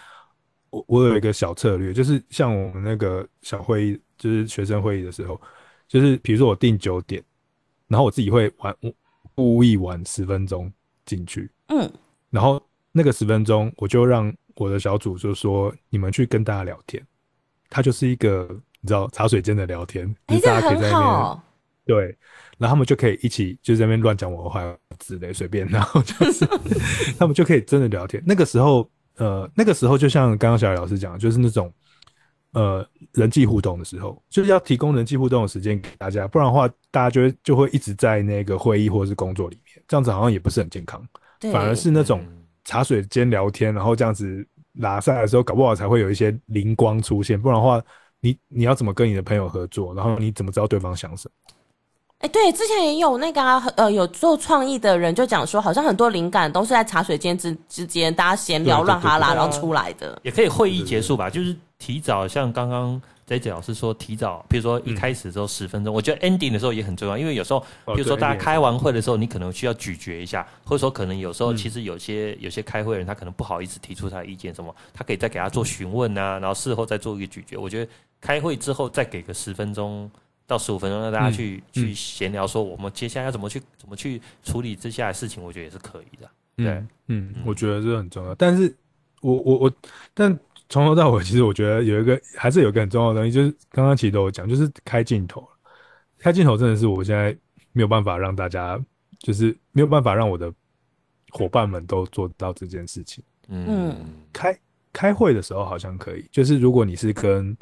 我我有一個小策略，就是像我們那個小會議，就是學生會議的時候，就是比如說我定九點，然後我自己會玩，故意晚十分鐘進去。嗯，然後那個十分鐘，我就讓我的小組就說你們去跟大家聊天，他就是一個你知道茶水間的聊天，而、欸哦、在那邊，對，然後他們就可以一起就在那邊亂講我的話之類的隨便，然後就是 <laughs> 他們就可以真的聊天。那個時候，呃，那個時候就像剛剛小雅老師講的，就是那種呃人際互動的時候，就是要提供人際互動的時間給大家，不然的話大家就會就會一直在那個會議或者是工作裡面，這樣子好像也不是很健康。對反而是那種茶水間聊天，嗯、然後這樣子拉賽的時候，搞不好才會有一些靈光出現。不然的話你，你你要怎麼跟你的朋友合作？然後你怎麼知道對方想什麼？哎、欸，對，之前也有那個、啊、呃，有做創意的人就講說，好像很多靈感都是在茶水間之之間大家閒聊亂哈拉然後出來的、啊。也可以會議結束吧，嗯、對對對，就是提早像剛剛。再講是說提早，比如說一開始的時候十分鐘，嗯、我覺得 ending 的時候也很重要，因為有時候，比如說大家開完會的時候，哦、你可能需要咀嚼一下，嗯、或者說可能有時候其實有些、嗯、有些開會的人他可能不好意思提出他的意見什麼，他可以再給他做詢問啊，然後事後再做一個咀嚼。我覺得開會之後再給個十分鐘到十五分鐘，讓大家去、嗯、去閒聊，說我們接下來要怎麼去怎麼去處理接下來事情，我覺得也是可以的。對，嗯，嗯，我覺得這很重要，嗯、但是我我我但。從頭到尾，其實我覺得有一個還是有一個很重要的東西，就是剛剛其實都有講，就是開鏡頭。開鏡頭真的是我現在沒有辦法讓大家，就是沒有辦法讓我的夥伴們都做到這件事情。嗯，開開會的時候好像可以，就是如果你是跟，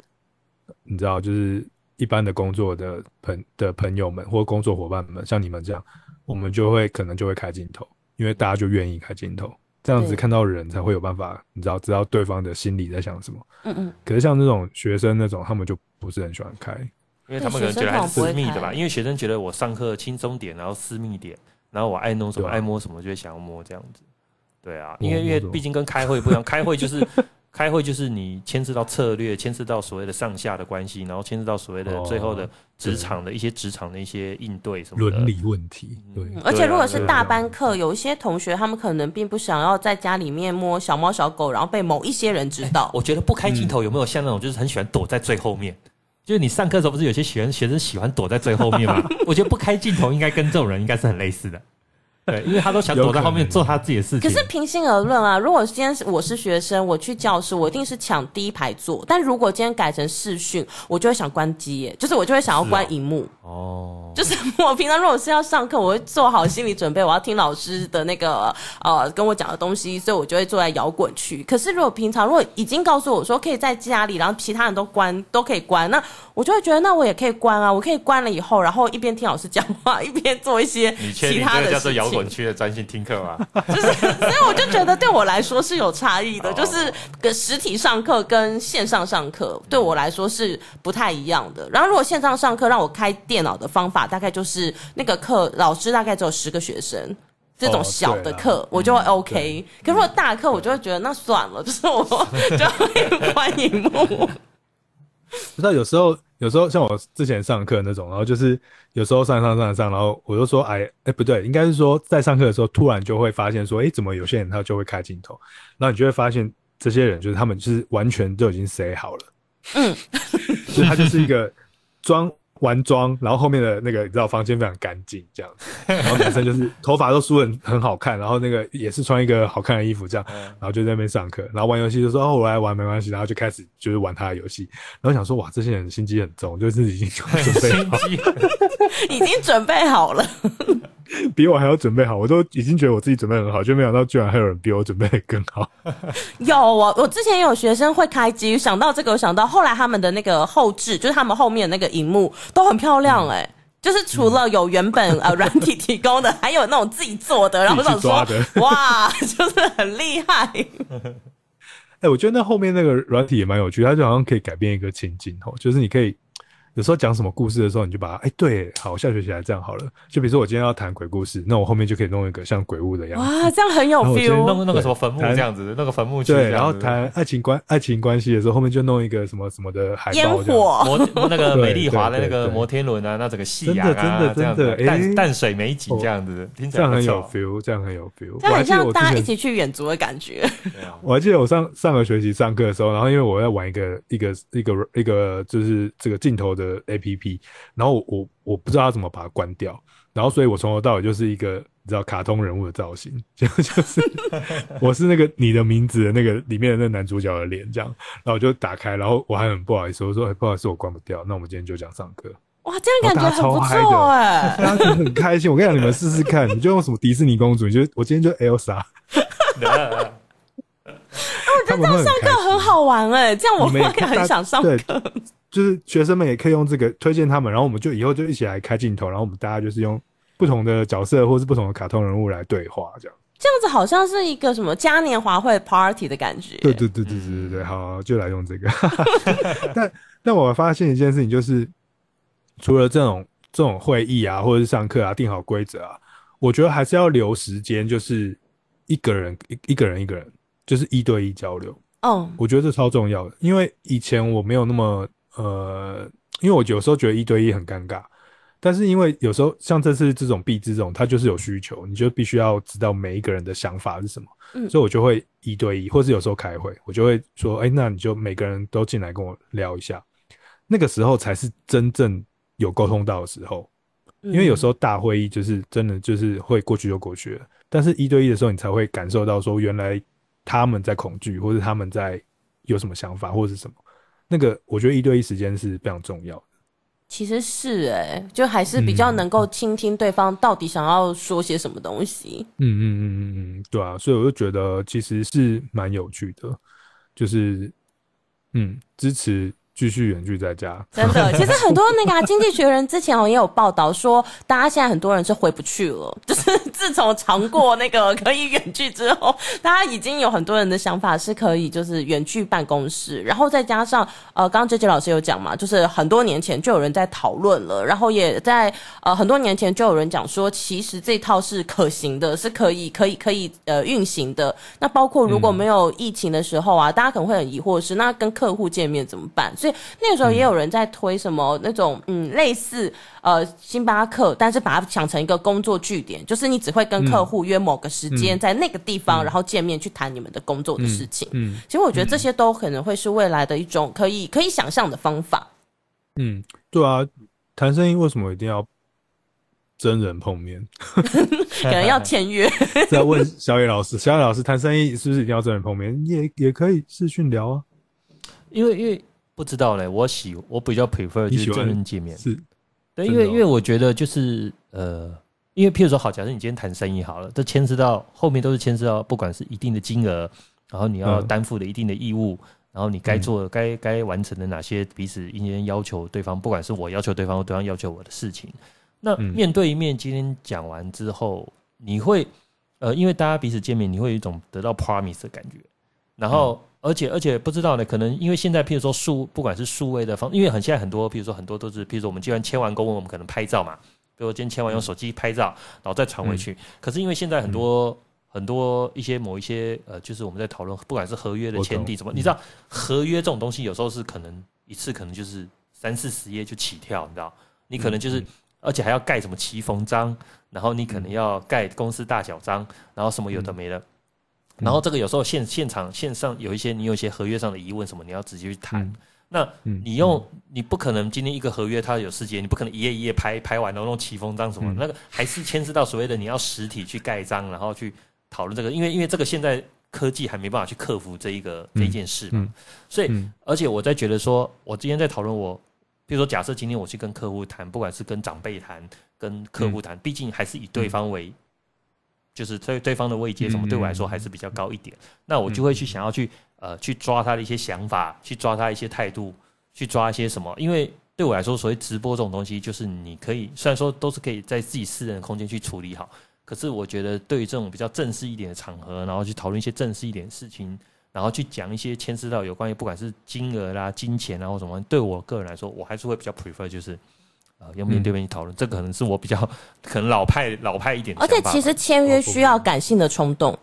你知道，就是一般的工作的朋的朋友們或工作夥伴們，像你們這樣，我們就會可能就會開鏡頭，因為大家就願意開鏡頭。這樣子看到人才會有辦法，你知道，對你知道，知道對方的心理在想什麼。嗯嗯。可是像這種學生那種，他們就不是很喜歡開，因為他們可能覺得還私密的吧？的因為學生覺得我上課輕鬆點，然後私密點，然後我愛弄什麼、啊、愛摸什麼，就會想要摸這樣子。對啊，因為因為畢竟跟開會不一樣， <laughs> 開會就是。開會就是你牽涉到策略，牽涉到所謂的上下的關係，然後牽涉到所謂的最後的職場的、哦、一些職場的一些應對什麼倫理問題。對、嗯，而且如果是大班課，對啊啊、有一些同學他們可能並不想要在家裡面摸小貓小狗，然後被某一些人知道。欸、我覺得不開鏡頭有沒有像那種就是很喜歡躲在最後面？嗯、就是你上課的時候不是有些學學生喜歡躲在最後面嗎？ <laughs> 我覺得不開鏡頭應該跟這種人應該是很類似的。對，因為他都想躲在後面做他自己的事情。可是，平心而論啊，如果今天是我是學生，我去教室，我一定是搶第一排坐。但如果今天改成視訊，我就會想關機耶，就是我就會想要關熒幕。哦，就是我平常如果是要上課，我會做好心理準備，我要聽老師的那個呃跟我講的東西，所以我就會坐在搖滾區。可是如果平常如果已經告訴我說可以在家裡，然後其他人都關都可以關，那我就會覺得那我也可以關啊，我可以關了以後，然後一邊聽老師講話，一邊做一些其他的事情。文區的專心聽課嗎？就是，所以我就覺得對我來說是有差異的，就是個實體上課跟線上上課對我來說是不太一樣的。然後，如果線上上課讓我開電腦的方法，大概就是那個課老師大概只有十個學生，這種小的課我就會 OK。嗯、可如果大課，我就會覺得那算了，就是我就會關螢幕。 <laughs> <laughs> 不知道有時候，有時候像我之前上課那種，然後就是有時候上上上上上，然後我就說，哎哎，不對，應該是說在上課的時候，突然就會發現說，哎、欸，怎麼有些人他就會開鏡頭，然後你就會發現這些人就是他們就是完全都已經 say 好了，嗯，所以他就是一個裝。完妝，然後後面的那個，你知道，房間非常乾淨，這樣。然後男生就是頭髮都梳得很好看， <laughs> 然後那個也是穿一個好看的衣服，這樣。 <laughs> 然後就在那邊上課，然後玩遊戲就說哦，我來玩沒關係，然後就開始就是玩他的遊戲。然後想說哇，這些人心機很重，就是已經準備好了。已經準備好了。 <laughs> 比我還要準備好，我都已經覺得我自己準備很好，就沒想到居然還有人比我準備的更好。 <laughs> 有啊，我之前有學生會開機，想到這個，想到後來他們的那個後製，就是他們後面的那個熒幕都很漂亮誒、欸。嗯、就是除了有原本呃軟體提供的，嗯、 <laughs> 還有那種自己做的，然後想說抓的 <laughs> 哇，就是很厲害。哎 <laughs> 、欸，我覺得那後面那個軟體也蠻有趣，它就好像可以改變一個情景哦，就是你可以。有時候講什麼故事的時候，你就把它，哎對，好，我下學期來這樣好了。就比如說我今天要談鬼故事，那我後面就可以弄一個像鬼屋的樣子。哇，這樣很有 feel。弄個弄個什麼墳墓這樣子，那個墳墓去。對，然後談愛情關愛情關係的時候，後面就弄一個什麼什麼的海報。煙火，那個美麗華的那個摩天輪啊，那整個夕陽啊，真的真的，淡淡水美景這樣子，聽起來很有 feel，這樣很有 feel，就很像大家一起去遠足的感覺。我還記得我上上個學期上課的時候，然後因為我要玩一個一個一個一個就是這個鏡頭的 APP，然後我我，我不知道怎麼把它關掉，然後所以我從頭到尾就是一個你知道卡通人物的造型，就是我是那個你的名字的那個裡面的那男主角的臉這樣，然後我就打開，然後我還很不好意思，我說、哎、不好意思我關不掉，那我們今天就講上課，哇，這樣感覺很不錯哎，然後真的很開心， <laughs> 我跟你，講你們試試看，你就用什麼迪士尼公主，你就我今天就 Elsa，啊、 <laughs> <laughs> 哦，我覺得上，上課很好玩哎、欸，這樣我會很想上課。就是學生們也可以用這個推薦他們，然後我們就以後就一起來開鏡頭，然後我們大家就是用不同的角色或是不同的卡通人物來對話，這樣這樣子好像是一個什麼嘉年華會 party 的感覺。對對對對對對對，嗯、好、啊，就來用這個。 <laughs> <laughs> 但但我發現一件事情，就是除了這種這種會議啊，或者是上課啊，定好規則啊，我覺得還是要留時間，就是一個人一一個人一個人，就是一對一交流。嗯、哦，我覺得這超重要的，因為以前我沒有那麼。呃，因為我有時候覺得一對一很尷尬，但是因為有時候像這次這種 B 這種，他就是有需求，你就必須要知道每一個人的想法是什麼，嗯、所以我就會一對一，或是有時候開會，我就會說，哎、欸，那你就每個人都進來跟我聊一下，那個時候才是真正有溝通到的時候，因為有時候大會議就是真的就是會過去就過去了，但是一對一的時候，你才會感受到說原來他們在恐懼，或是他們在有什麼想法，或者是什麼。那個，我覺得一對一時間是非常重要的。其實是哎，就還是比較能夠傾聽對方到底想要說些什麼東西。嗯嗯嗯嗯嗯，對啊，所以我就覺得其實是蠻有趣的，就是嗯支持。繼續遠距在家，真的，其實很多那個啊，經濟學人之前哦也有報道說，大家現在很多人是回不去了。就是，自從嘗過那個可以遠距之後，大家已經有很多人的想法是可以就是遠距辦公室。然後再加上呃，剛剛 JJ 老師有講嘛，就是很多年前就有人在討論了，然後也在呃很多年前就有人講說，其實這套是可行的，是可以可以可以呃運行的。那包括如果沒有疫情的時候啊，大家可能會很疑惑是，那跟客戶見面怎麼辦？所那個時候也有人在推什麼那種嗯，嗯類似呃星巴克，但是把它想成一個工作據點，就是你只會跟客戶約某個時間在那個地方，嗯嗯、然後見面去談你們的工作的事情。嗯，嗯其實我覺得這些都可能會是未來的一種可以可以想象的方法。嗯，對啊，談生意為什麼一定要真人碰面？ <laughs> <laughs> 可能要簽約。再問小野老師，小野老師談生意是不是一定要真人碰面？也也可以視訊聊啊。因為因為。因為不知道嘞，我喜我比較 prefer 就是真人見面，是，對，因為因為我覺得就是呃，因為譬如說，好，假設你今天談生意好了，這牽涉到後面都是牽涉到不管是一定的金額，然後你要擔負的一定的義務，然後你該做的該該完成的哪些彼此應該要求對方，不管是我要求對方，或對方要求我的事情，那面對一面今天講完之後，你會呃，因為大家彼此見面，你會有一種得到 promise 的感覺，然後。而且而且不知道呢，可能因為現在譬如說數，不管是數位的方，因為很現在很多，譬如說很多都是，譬如說我們既然簽完公文我們可能拍照嘛，比如今天簽完用手機拍照，嗯、然後再傳回去。嗯、可是因為現在很多、嗯、很多一些某一些呃，就是我們在討論，不管是合約的簽訂，什麼考你知道，嗯、合約這種東西有時候是可能一次可能就是三四十頁就起跳，你知道？你可能就是，嗯、而且還要蓋什麼騎縫章，然後你可能要蓋公司大小章，然後什麼有的沒的。嗯嗯、然後這個有時候現現，現場線上有一些你有一些合約上的疑問什麼，你要直接去談。嗯、那你用、嗯、你不可能今天一個合約它有十幾頁，你不可能一頁一頁拍，拍完然後弄齊封章什麼，嗯、那個還是牽涉到所謂的你要實體去蓋章，然後去討論這個，因為因為這個現在科技還沒辦法去克服這一個、嗯、這一件事嘛。嗯嗯、所以而且我在覺得說，我今天在討論我，比如說假設今天我去跟客戶談，不管是跟長輩談跟客戶談，嗯、畢竟還是以對方為。就是對對方的位階、什麼，對我來說還是比較高一點。嗯嗯、那我就會去想要去呃去抓他的一些想法，去抓他一些態度，去抓一些什麼。因為對我來說，所謂直播這種東西，就是你可以雖然說都是可以在自己私人的空間去處理好，可是我覺得對於這種比較正式一點的場合，然後去討論一些正式一點的事情，然後去講一些牽涉到有關於不管是金額啦、啊、金錢啊或什麼，對我個人來說，我還是會比較 prefer 就是。啊，要面對面去討論，這個可能是我比較可能老派、老派一點。而且其實簽約需要感性的衝動，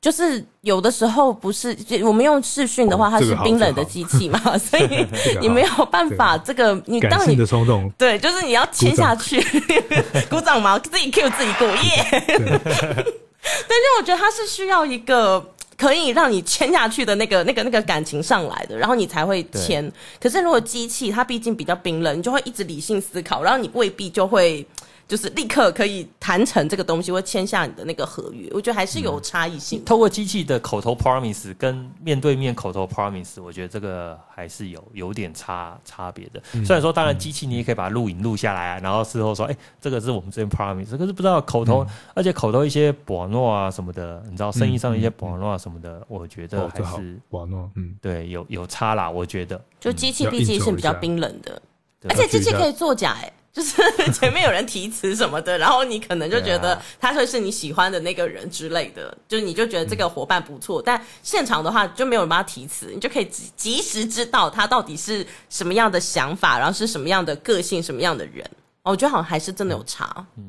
就是有的時候不是我們用視訊的話，它是冰冷的機器嘛，所以你沒有辦法這個你當感性的衝動對，就是你要簽下去，鼓掌嘛，自己 Q 自己過，耶！但是我覺得他是需要一個。可以讓你簽下去的那個、那個、那個感情上來的，然後你才會簽。對可是如果機器它畢竟比較冰冷，你就會一直理性思考，然後你未必就會。就是立刻可以談成這個東西，或簽下你的那個合約，我覺得還是有差異性的。通、嗯、過機器的口頭 promise 跟面對面口頭 promise，我覺得這個還是有有點差差別的。嗯、雖然說，當然機器你也可以把錄影錄下來啊，然後事後說，哎、嗯欸，這個是我們這邊 promise，可是不知道口頭，嗯、而且口頭一些保諾啊什麼的，你知道生意、嗯、上的一些保諾啊什麼的，嗯、我覺得還是保諾，嗯，對，有有差啦，我覺得。就機器畢竟是比較冰冷的，對而且機器可以作假哎、欸。就是前面有人提詞什麼的， <laughs> 然後你可能就覺得他會是你喜歡的那個人之類的，就你就覺得這個夥伴不錯。嗯、但現場的話就沒有人幫他提詞，你就可以及時知道他到底是什麼樣的想法，然後是什麼樣的個性，什麼樣的人。哦、我覺得好像還是真的有差。嗯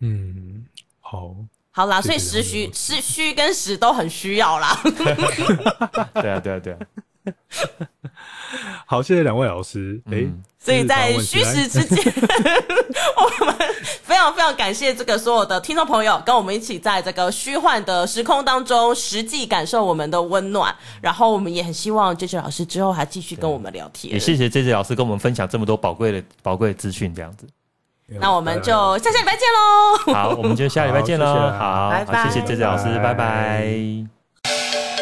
嗯，嗯，好。好啦，謝謝，所以實虛、實、嗯、虛跟實都很需要啦。 <laughs> <laughs> 對啊，對啊，對啊。好，謝謝兩位老師。哎，嗯、所以在虛實之間， <laughs> <laughs> 我們非常非常感謝這個所有的聽眾朋友，跟我們一起在這個虛幻的時空當中，實際感受我們的溫暖。嗯、然後我們也很希望 JJ 老師之後還繼續跟我們聊天。也謝謝 JJ 老師跟我們分享這麼多寶貴的寶貴的資訊，這樣子。嗯、那我們就下下禮拜見嘍！好，我們就下禮拜見嘍！好，謝謝 JJ 好拜老師，拜拜。拜拜拜拜。